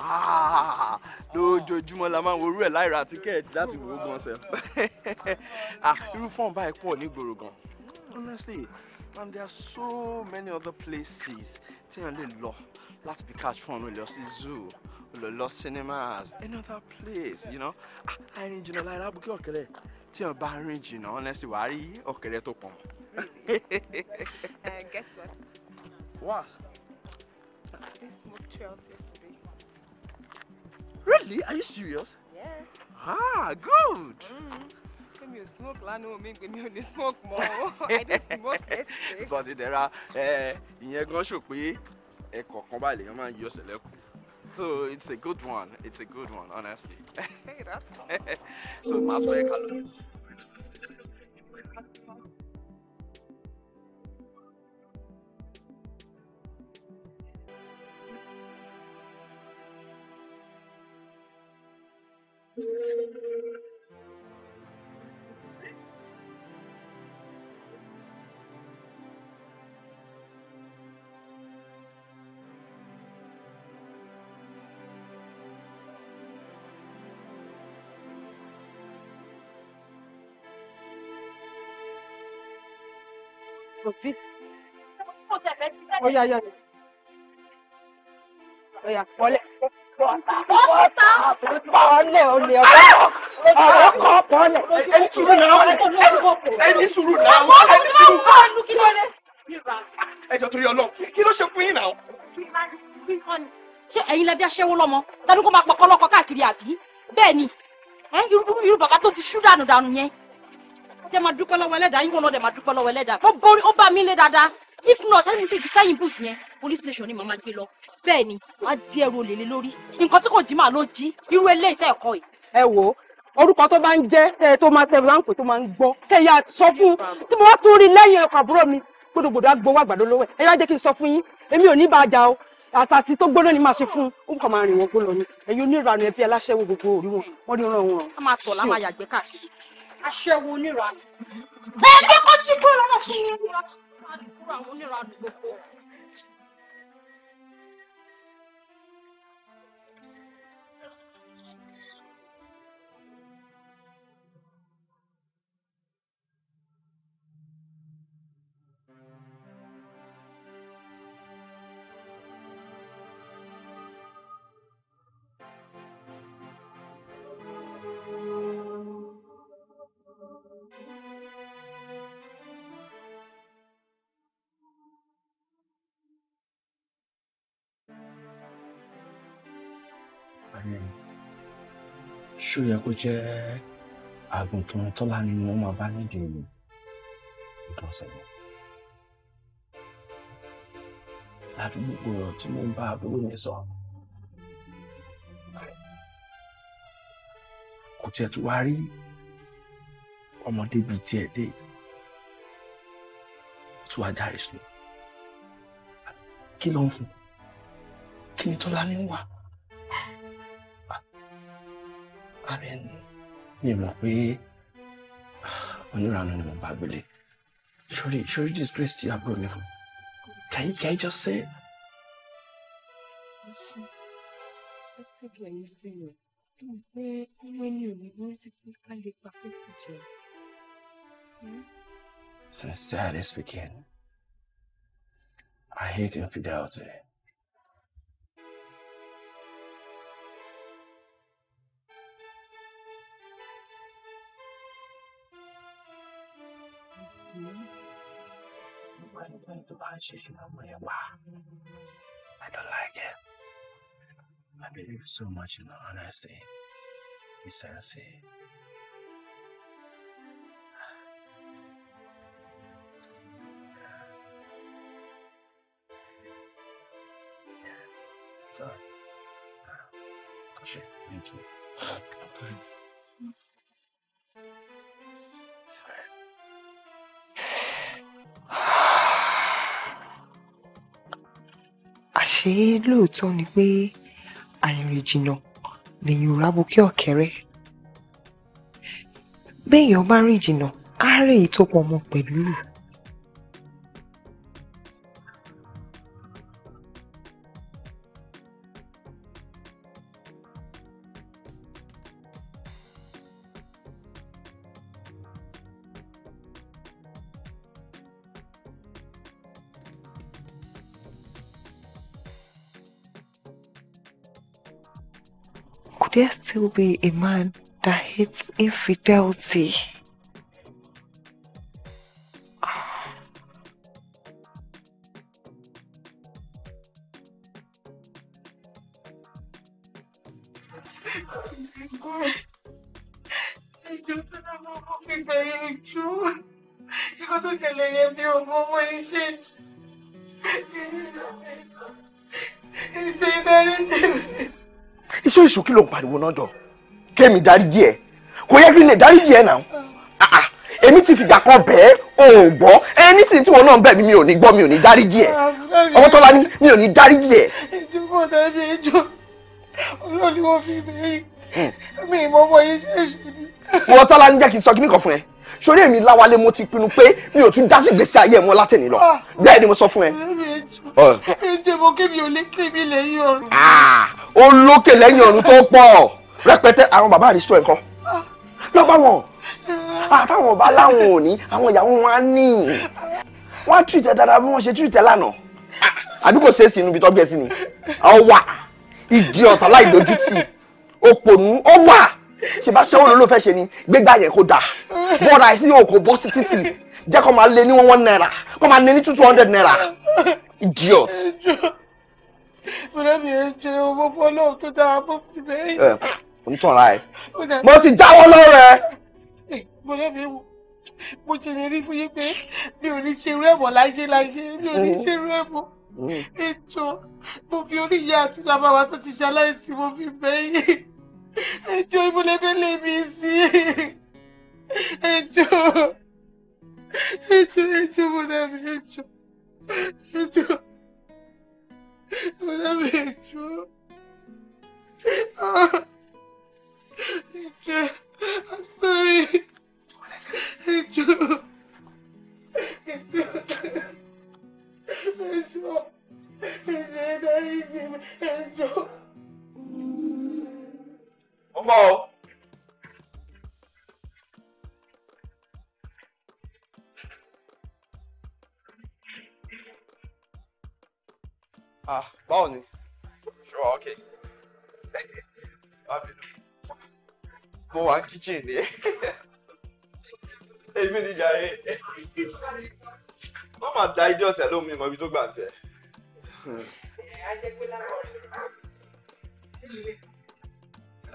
lójoojúmọ́ la máa ń worú ẹ̀ láì tíkẹ́ẹ̀tì láti wò ó gan-an sẹ́ẹ̀ irú fọ́ọ̀n báyìí pọ̀ nígboro gan-an honestly and there are so many other places Tell èèyàn lè lọ láti fi catch fun o lè lọ sí zoo o lè lọ cinemas any other place you know àìrìn ah, jìnnà lára abúkẹ́ ọ̀kẹ́rẹ́ tí èèyàn bá rìn you honestly wàá rí ọ̀kẹ́rẹ́ tó pọ̀. Uh, guess what? What? They smoked trout yesterday. Really? Are you serious? Yeah. Ah, good. Mm pé mi ò smoke lánàá omi gbé mi ò ní smoke mọ́ i dey smoke yesterday. but ìdẹ̀ra eh, ìyẹn gan ṣò pé ẹ̀kọ̀ kan báyìí lèèyàn máa ń yọ sẹ̀lẹ̀kùn so it's a good one it's a good one honestly. say that. so máa fẹ́ calories. Thank you. kò sí. ọyà ọyà ọyà pọlẹ. Pọ̀lẹ̀ olè ọ̀rọ̀ ọ̀rọ̀ kọ́ pọ̀lẹ̀. Ẹni sùúrù náà ẹni sùúrù náà ẹni sùúrù náà. Ẹjọ́ torí ọlọ́run kí ló ṣe fún yín náà? Ṣé ẹ̀yin lẹbi aṣẹ́wó lọ́mọ? Tẹ́lú kó máa pọ̀ kọ́lọ́kọ́ káàkiri àbí? Bẹ́ẹ̀ ni, irú bàbá tó ti ṣú dànù dànù yẹn jẹ́ máa dúpẹ́ lọ́wọ́ ẹlẹ́dàá yín wọ́n náà dẹ̀ máa dúpẹ́ lọ́wọ́ ẹlẹ́dàá ó borí ó bá mi lé dáadáa if not ṣáà níbi ìdí sẹ́yìn bùt yẹn police station ni màmá gbé lọ bẹ́ẹ̀ ni wọ́n á di ẹrù olè lé lórí nǹkan tí kò jí màá ló jí irú eléyìí tẹ́ ẹ̀kọ́ yìí. ẹ wo orúkọ tó bá ń jẹ tẹ tó máa tẹ báńkì tó máa ń gbọ́ tẹ ya sọ fún tí mo wá tún rí lẹ́yìn ẹkọ àbúrò mi gbódògbódò agbowó àgbàdo lọ́wọ́ ẹ yá jẹ́ kí n sọ fún yín èmi ò ní bá a jà o àtàsí tó gbóná ni máa ṣe fún un kò máa rìn wọn gbó lọ ni ẹ̀yin oníranú ẹbí aláṣẹwò gbogbo orí wọn wọn ní ràn wọn. a máa tọ̀ láwọn àyàgbẹ́ káàkiri aṣẹ́wó oníranù. ẹ jẹ́ kó ṣíkú lọ́nà fún mi. ṣó yẹ kó jẹ́ àgùntàn tọ́lá ni wọ́n máa bá nídìí ìgbọ̀nsẹ̀ mi. ládùúgbò ọ̀rọ̀ tí mo ń bá àbúrò mi sọ. kò tiẹ̀ tún wá rí ọmọdé bíi tiẹ̀ dé tí wàá járe sùn kí ló ń fún kí ni tọ́lá ní wà ààrẹ mi mọ̀ pé ah, onírànú ni mo bá gbélé sorry sorry disgrace ti àbúrò mi fún can you can you just say. Thank you. pé wọ́n ní òní wọ́n títí ká lè pa pé kò jẹun. Mm. Since Saddest beginning, I hate infidelity. I don't like it. I believe so much in honesty, sincerity. Sorry. Shit. Thank you. àṣé lóòótọ́ ni pé àrìnrìn jìnnà lèyìn òrábùkẹ́ ọ̀kẹ́rẹ́ béèyàn bá rìn jìnnà á rèé tó pọ̀ mọ́ pẹ̀lú there still be a man that hates infidelity? iṣu kí ló ń pariwo náà jọ kémi dáríjì ẹ kò yẹ kí n lè dáríjì ẹ náà ah, ah. èmi ti fìjà kan bẹ́ẹ̀ o ò gbọ́ ẹni sì tí wọn náà bẹ̀ mí mi ò ní gbọ́ mi ò ní dáríjì ẹ ọmọ tọ́lá ni mi ò ní dáríjì ẹ. ìjọba tẹnu ìjọ olóòní wọn fi bẹ́ẹ̀ mi ìmọ̀ ọmọ yìí ṣe é ṣù mo tọ́lá ní jẹ́ kí n sọ kíní kan fún ẹ sórí èmi láwálé mo ti pinnu pé mi ò tún dá sí ìgbésí ayé mọ́ látẹ̀ni lọ ah. bẹ́ẹ̀ ni mo sọ fún ẹ. ìjẹ̀bọ̀ kébì ò lékè mi lẹ́yìn ọ̀run. Ah, ó lókè lẹ́yìn ọ̀run tó pọ̀ rẹpẹtẹ àwọn bàbá àdìsọ ẹ̀ kan ah. lọ bá wọn eh. àtàwọn ọba láwọn ò àwọn ìyàwó wọn á ní wọn á tìrìtẹ dáadáa bí wọn ṣe tìrìtẹ lánàá àbí kò ṣeé sí inú ibi tọ́jú ẹ sí ni ọwà ìdí ọ̀tá láì lójútì òpònú ọwà ṣe bá ṣẹ́wó ló fẹ́ ṣe ni gbégbá yẹn kó dà bọ́ọ̀dà àìsí yóò kó bọ́ sí títì jẹ́ kó máa lé ní one one naira kó máa lé ní two two hundred naira idiot. bùrẹ́mi ẹ jẹ owó fọlọ́ tó dáa bó fi bẹ́ẹ̀. ẹ ò ń tọ̀ra ẹ mo ti jáwọ́ lọ́rọ̀ ẹ. bùrẹ́mi wò mo jẹ̀lẹ̀ rí fún yín pé mi ò ní ṣe irú ẹ̀mọ́ láyé láyé mi ò ní ṣe irú ẹ̀mọ́ mm. ètò mo fi orí ìyá àti bàbá wa tó ti ṣaláìsí mo fi bẹ́ẹ̀ yìí. ẹjọ́ ibo lẹ fẹ́ lé mi sí ẹjọ́ ẹjọ́ ẹjọ́ mo dàbí ẹjọ́ ẹjọ́ mo dàbí ẹjọ́ ẹjọ́ I'm sorry ẹjọ́ ẹjọ́ ẹjọ́ ẹjọ́ ẹjọ́ ẹjọ́. Come on. ah báwo ni. sure okay. mo wà ní kitchen ni èmi ni jàre wọ́n máa da ijó ọ̀sẹ̀ lómi mọ ibi tó gbà ń tẹ̀. ẹ á jẹ́ pé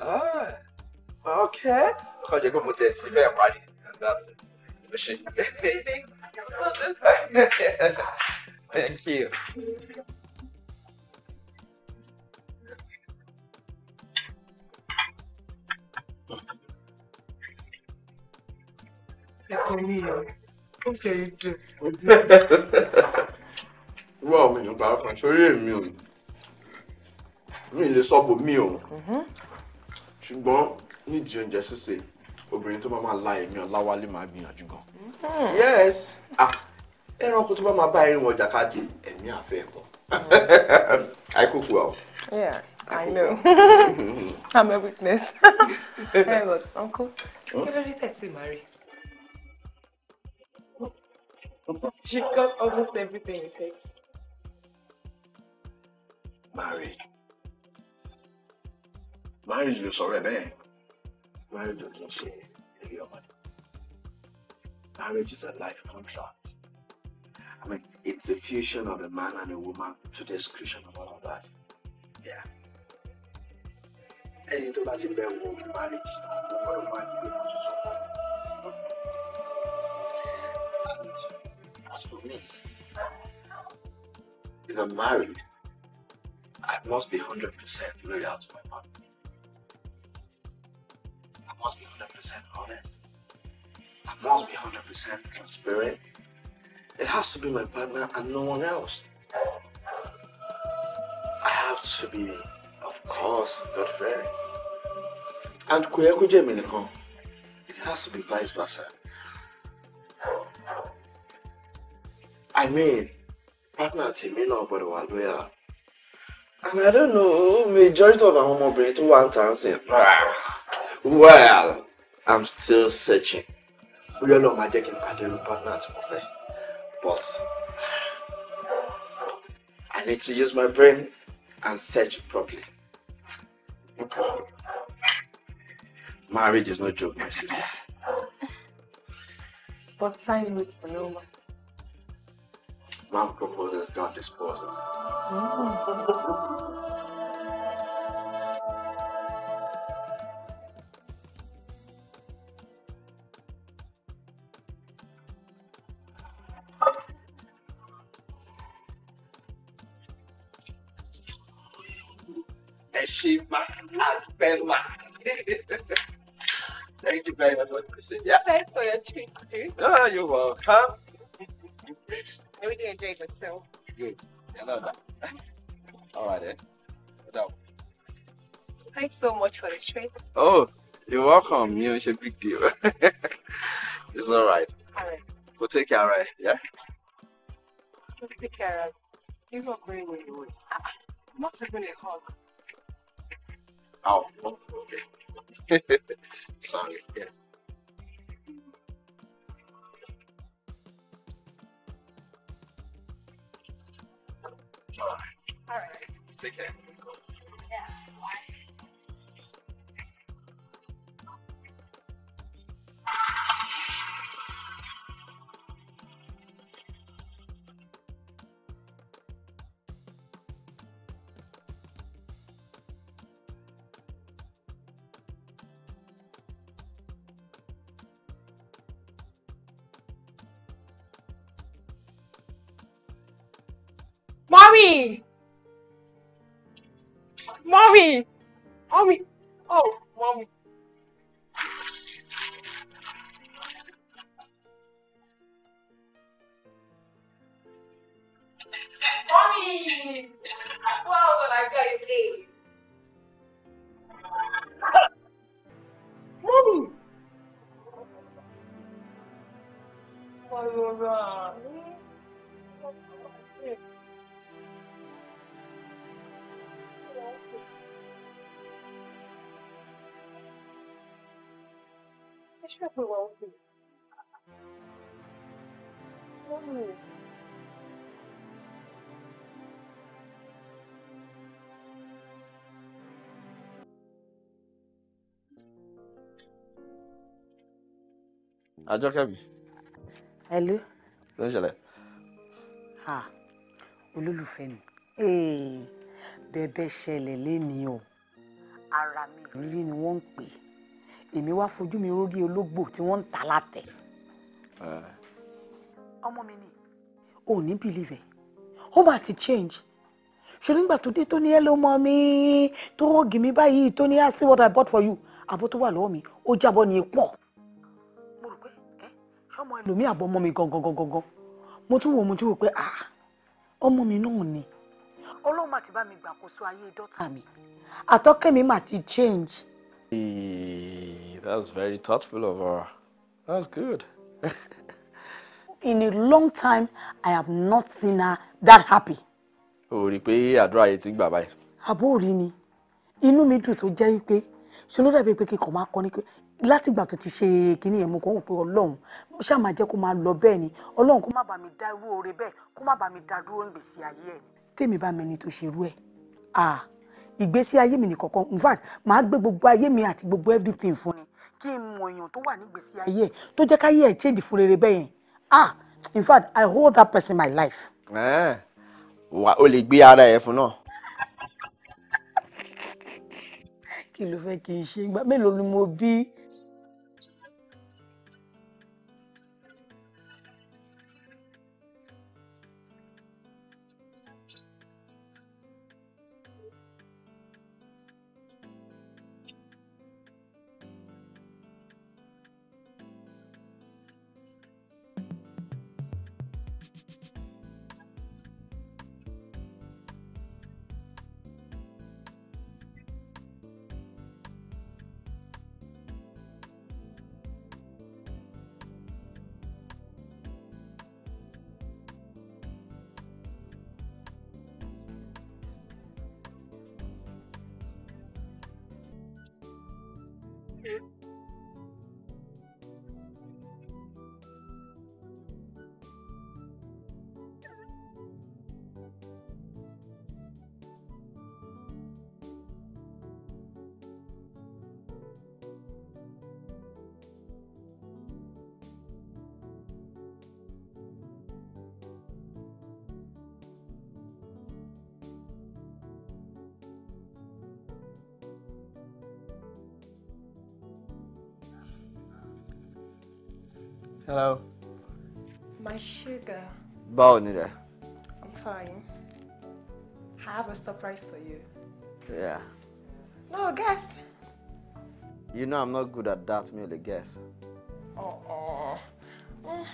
Ah, okay ọkọ jẹ pé mo tẹ ti fẹ́ parí that's it o ṣe. thank you. ẹ̀kọ́ mi yẹn ó jẹ́ ìdùn. wọ́n mi nípa ọkàn sórí èmi ò mi lè ṣùgbọ́n nídìí oúnjẹ ṣíṣe obìnrin tó bá máa la èmi ọláwálé máa gbìyànjú gan. Hmm. yes Ah, ẹranko tó bá máa bá irin wọn jàkadì ẹ̀mí àfẹ́ ẹ̀kọ́ hmm. i cook well. Yeah, I, know. I'm a witness. hey, but uncle, hmm? kí ló dé tẹ̀sí Mary? She got almost everything it takes. Marriage. Marriage ló sọ̀rọ̀ ẹ̀ bẹ́ẹ̀. Marriage ò kì í ṣe ilé Marriage is a life contract. I mean, it's the fusion of a man and a woman to the exclusion of all of us. Yeah. And Ẹni tó bá ti bẹ̀ wo marriage, ó gbọ́dọ̀ máa yí to tuntun. And as for me, if I'm married, I must be 100% loyal to my partner must be 100% honest. I must be 100% transparent. It has to be my partner and no one else. I have to be, of course, God-fearing. And kuyakuje minikon. It has to be vice versa. I mean, partner tèmi náà gbọ́dọ̀ we are. And I don't know, majority of àwọn ọmọbìnrin tó one ń tàn sí. Well, I'm still searching. We all know my kí n pàdé irú partner tí But I need to use my brain and search properly. Marriage is no joke, my sister. But time with the no man. proposes, God disposes. Mm. Shima Akbema. Thank you very much for the this. Yeah. Thanks for your treat too. Oh, ah, you're welcome. I really enjoyed myself. Good. I know that. All right then. Well Thanks so much for the treat. Oh, you're welcome. You know, it's a big deal. it's all right. All right. We'll take care, right? Yeah. We'll take care. You're not going anywhere. Not even a hug. Oh, okay. Sorry. Yeah. All right. All right. Take care. Yeah. Mommy! Mommy! Oh, mommy. Mommy! Wow, but I got it today. Mommy! Oh, my God. ṣe pé wà òkè. Mọ́mì. Àjọkẹ́mi. Hello. Ló ń ṣẹlẹ̀. Ah, olólùfẹ́ mi. Bẹ́ẹ̀ bẹ́ẹ̀ ṣẹlẹ̀ lénìí o. Ara mi ìrírí ni wọ́n ń pè é èmi wá fojú mi rórí ológbò tí wọ́n ń ta látẹ̀. ọmọ mi ni ò ní bìlíìfẹ̀ ó mà ti change ṣe nígbà tó dé tó ní hello mommy tó rọ́ọ̀gì mi báyìí tó ní see what I bought for you àbó tó wà lọ́wọ́ mi ó jábọ́ ní pọ̀ mo rò pé ẹ ṣọmọ ẹlòmíì àbọ̀ ọmọ mi gangan gangan gangan mo tún wò mo tún wò pé ah ọmọ mi náà ni ọlọ́run mà ti bá mi gbàkóso ayé dọ́tà mi àtọ́kẹ́ mi mà ti change that's very thoughtful of her. That's good. In a long time, I have not seen her that happy. O rí i pé àdúrà yẹn ti gbà báyìí. Àbó rí ni. Inú mi dùn tó jẹ́ wípé ṣe ló dàbí pé kíkọ̀ máa kọ́ ni pé látìgbà tó ti ṣe kínní yẹn mo kàn wò pé Ọlọ́run mo ṣáà máa jẹ́ kó máa lọ bẹ́ẹ̀ ni Ọlọ́run kó má bàa mi dá irú oore bẹ́ẹ̀ kó má bàa mi dá dúró ń gbèsè ayé ẹ̀. Tèmi bá mẹni tó ṣerú ẹ̀. Ah ìgbésí ayé mi nìkan in fact màá gbé gbogbo ayé mi àti gbogbo everything fún ni kí n mọ èèyàn tó wà nígbésí ayé tó jẹ́ káyé ẹ̀ change fún rere bẹ́ẹ̀ yẹn ah in fact i hold that person my life. wà ó lè gbé ara ẹ fún náà. kí ló fẹ́ kí n ṣe mélòó ni mo bí Yeah. Hello. My sugar. Báwo ni dẹ? I'm fine. I have a surprise for you. Yeah. No, guess. You know I'm not good at that, merely guess. Oh, oh. Mm.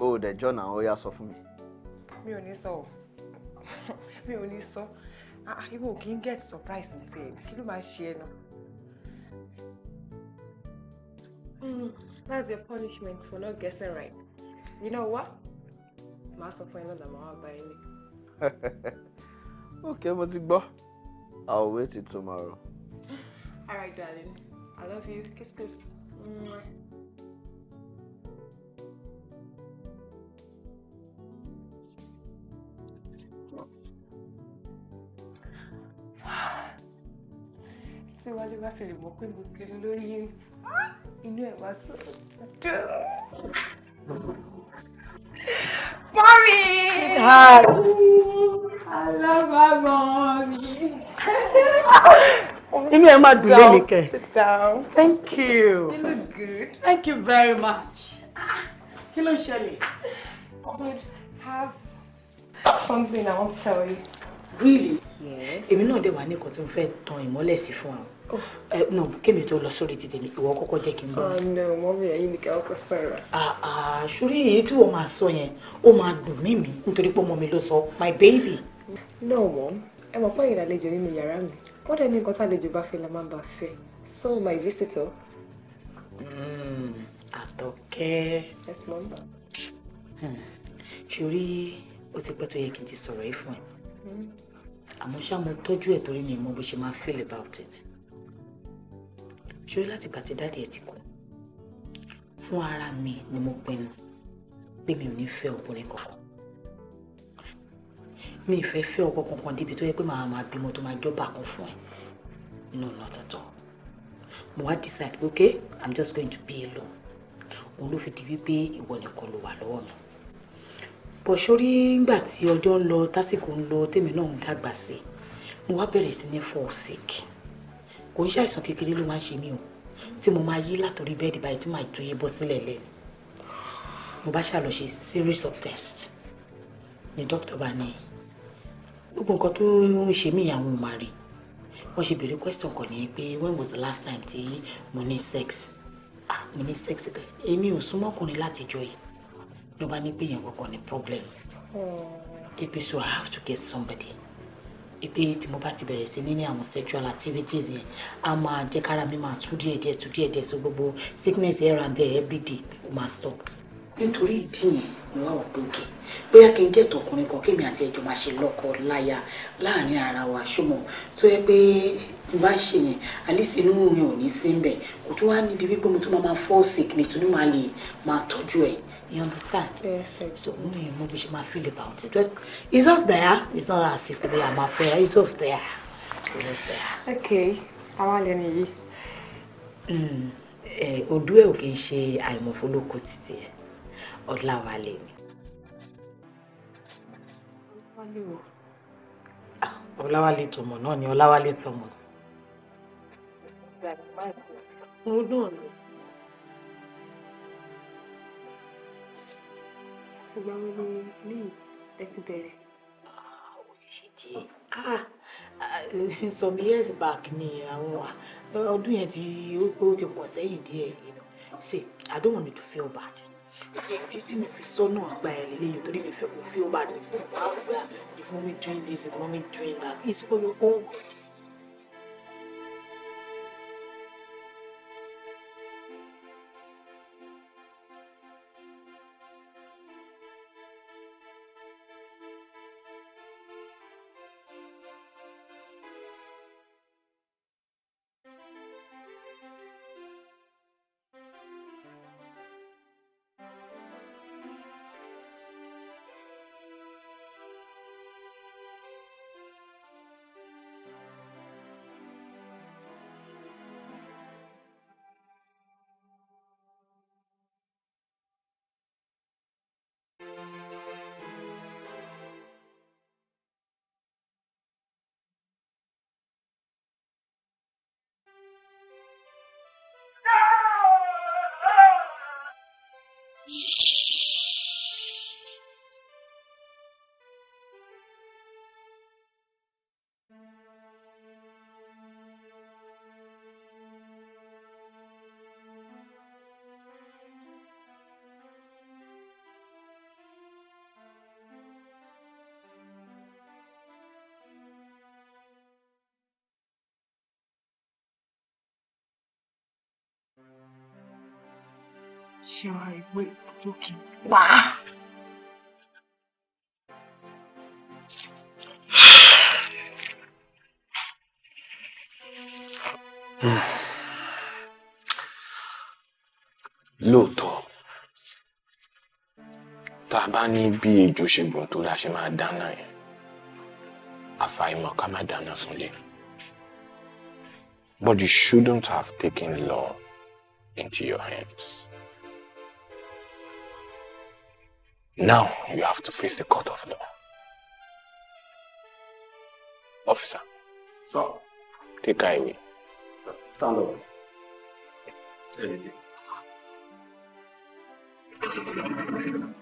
Oh, the John and Oya sọ fún Me Mi ò ní sọ o. Mi Ah, you ah, go get surprise and say, kí ló máa ṣe That's your punishment for not guessing right. You know what? Màá sọ fún ẹ by me. Okay, mo I'll wait it tomorrow. Alright, darling. I love you. Kiss, kiss. Mwah. tí wọ́n lè bá fi could mọ̀ pé mo ti inú ẹ̀ wá sí dùn. Mọ́mí! Alábàámọ̀ mi. Inú ẹ̀ máa dùn lẹ́nu kẹ. Thank you. You look good. Thank you very much. Ah, kí ló ṣẹlẹ̀? Good. Have something I wan tell you. Really? Yes. Èmi náà dẹ̀ wà ní nǹkan tí mo fẹ́ tan ìmọ́lẹ̀ sí fún àwọn ẹ nà kémi tó lọ sórí ti tèmi ìwọ kọ́kọ́ jẹ́ kí n bọ. ọ̀nà mọ́mí ẹ̀yin nìkan ọkọ̀ sọ̀rọ̀. àà ah, ah, sórí èyí tí wọ́n máa sọ yẹn ó máa dùn mí mi nítorí pé ọmọ mi ló sọ my baby. náà mọ́ ẹ mọ̀ pé ìrìnàlejò nínú yàrá mi wọ́n dẹ̀ ní nǹkan tí àlejò bá fẹ́ la máa ń bá fẹ́ so my visitor. Hmm, àtọ̀kẹ́. yes mom. Hmm, sórí ó ti pẹ́ tó yẹ kí n ti sọ̀rọ̀ yìí fún ẹ hmm. àmọ́ ṣá mo tọ́jú ẹ̀ torí mi mọ bó ṣe máa feel about it ṣé láti gbà tí dáàdì ẹ ti kú fún ara mi ni mo pinnu pé mi ò ní fẹ́ ọkùnrin kankan mi ì fẹ́ fẹ́ ọkọ kankan débi tó yẹ pé màá máa bímọ tó máa jọba kan fún ẹ no not at all mo wá decide pé okay i'm just going to be alone òun ló fi di wípé ìwọ nìkan ló wà lọ́wọ́ mi bọ̀ sórí ńgbà tí ọjọ́ ń lọ tásìkò ń lọ tèmi náà ń dàgbà sí mo wá bẹ̀rẹ̀ sí ní fall kò ń ṣàìsàn kékeré ló máa ń ṣe mí o tí mo máa yí látòrí bẹ́ẹ̀dì báyìí tí màá tún yí bọ́ sílẹ̀ lẹ́nu mo bá ṣàlọ́ ṣe series of tests ni dókítà bá ní gbogbo nǹkan tó ń ṣe mí àwọn ò máa rí wọ́n ṣe béèrè question kan ní pé when was the last time tí mo ní sex ah mo ní sex gan èmi ò súnmọ́ ọkùnrin láti jọ yìí ló bá ní pé yẹn kankan ní problem hmm. So I have to get somebody pé tí mo bá ti bẹ̀rẹ̀ sí ní àwọn sexual activities yẹn a máa jẹ́ kára mi máa tú díẹ̀ díẹ̀ tú díẹ̀ díẹ̀ so gbogbo sickness here and there everyday ó máa stop. nítorí ìdí yẹn mo wá òpin òkè bóyá kí n jẹ́ tọkùnrin kan kémi àti ẹjọ́ máa ṣe lọ́kọ láya láàrin ara wa ṣùgbọ́n tó yẹ pé tó bá ṣe yẹn àlísì inú orin ò ní sí bẹ̀ kò tó wá nídi wípé mo tún máa fall sick mi tó ní máa lè máa tọ́jú ẹ̀ you understand Perfect. so mo yẹn mo bí ṣe máa feel about it well it's just there it's not as if we are my friend it's just there it's just there. okay àwa lè ní yìí. Hmm. Eh, odú ẹ ò kì í ṣe àìmọ̀fólókò títí ẹ ọ̀làwálé ni. ọ̀làwálé ah, tọmọ náà ni ọ̀làwálé Thomas ìgbà ní báyìí òun náà ni. ṣùgbọ́n wọn ní níyì ẹ ti bẹ̀rẹ̀. Ah, ti ṣe some years back ni àwọn ọdún yẹn ti ó ti pọ̀ sẹ́yìn díẹ̀ yìí nà ṣe I don't want you to feel bad ìdí tí mi fi sọ́nà àgbà ẹ̀ lélẹ́yìn torí mi fẹ́ kó feel bad mi fún mi. how well mommy doing this is mommy doing that it's for your own good. ṣe ra ìwé tó kì í tá a bá ní bí ejò ṣe gbọ̀n tó la ṣe máa dáná yẹn àfàìmọ̀ ká má dáná sunlé. But you shouldn't have taken law into your hands. Now you have to face the court of law. Officer. Sir. Take her away. Sir, stand up. Anything.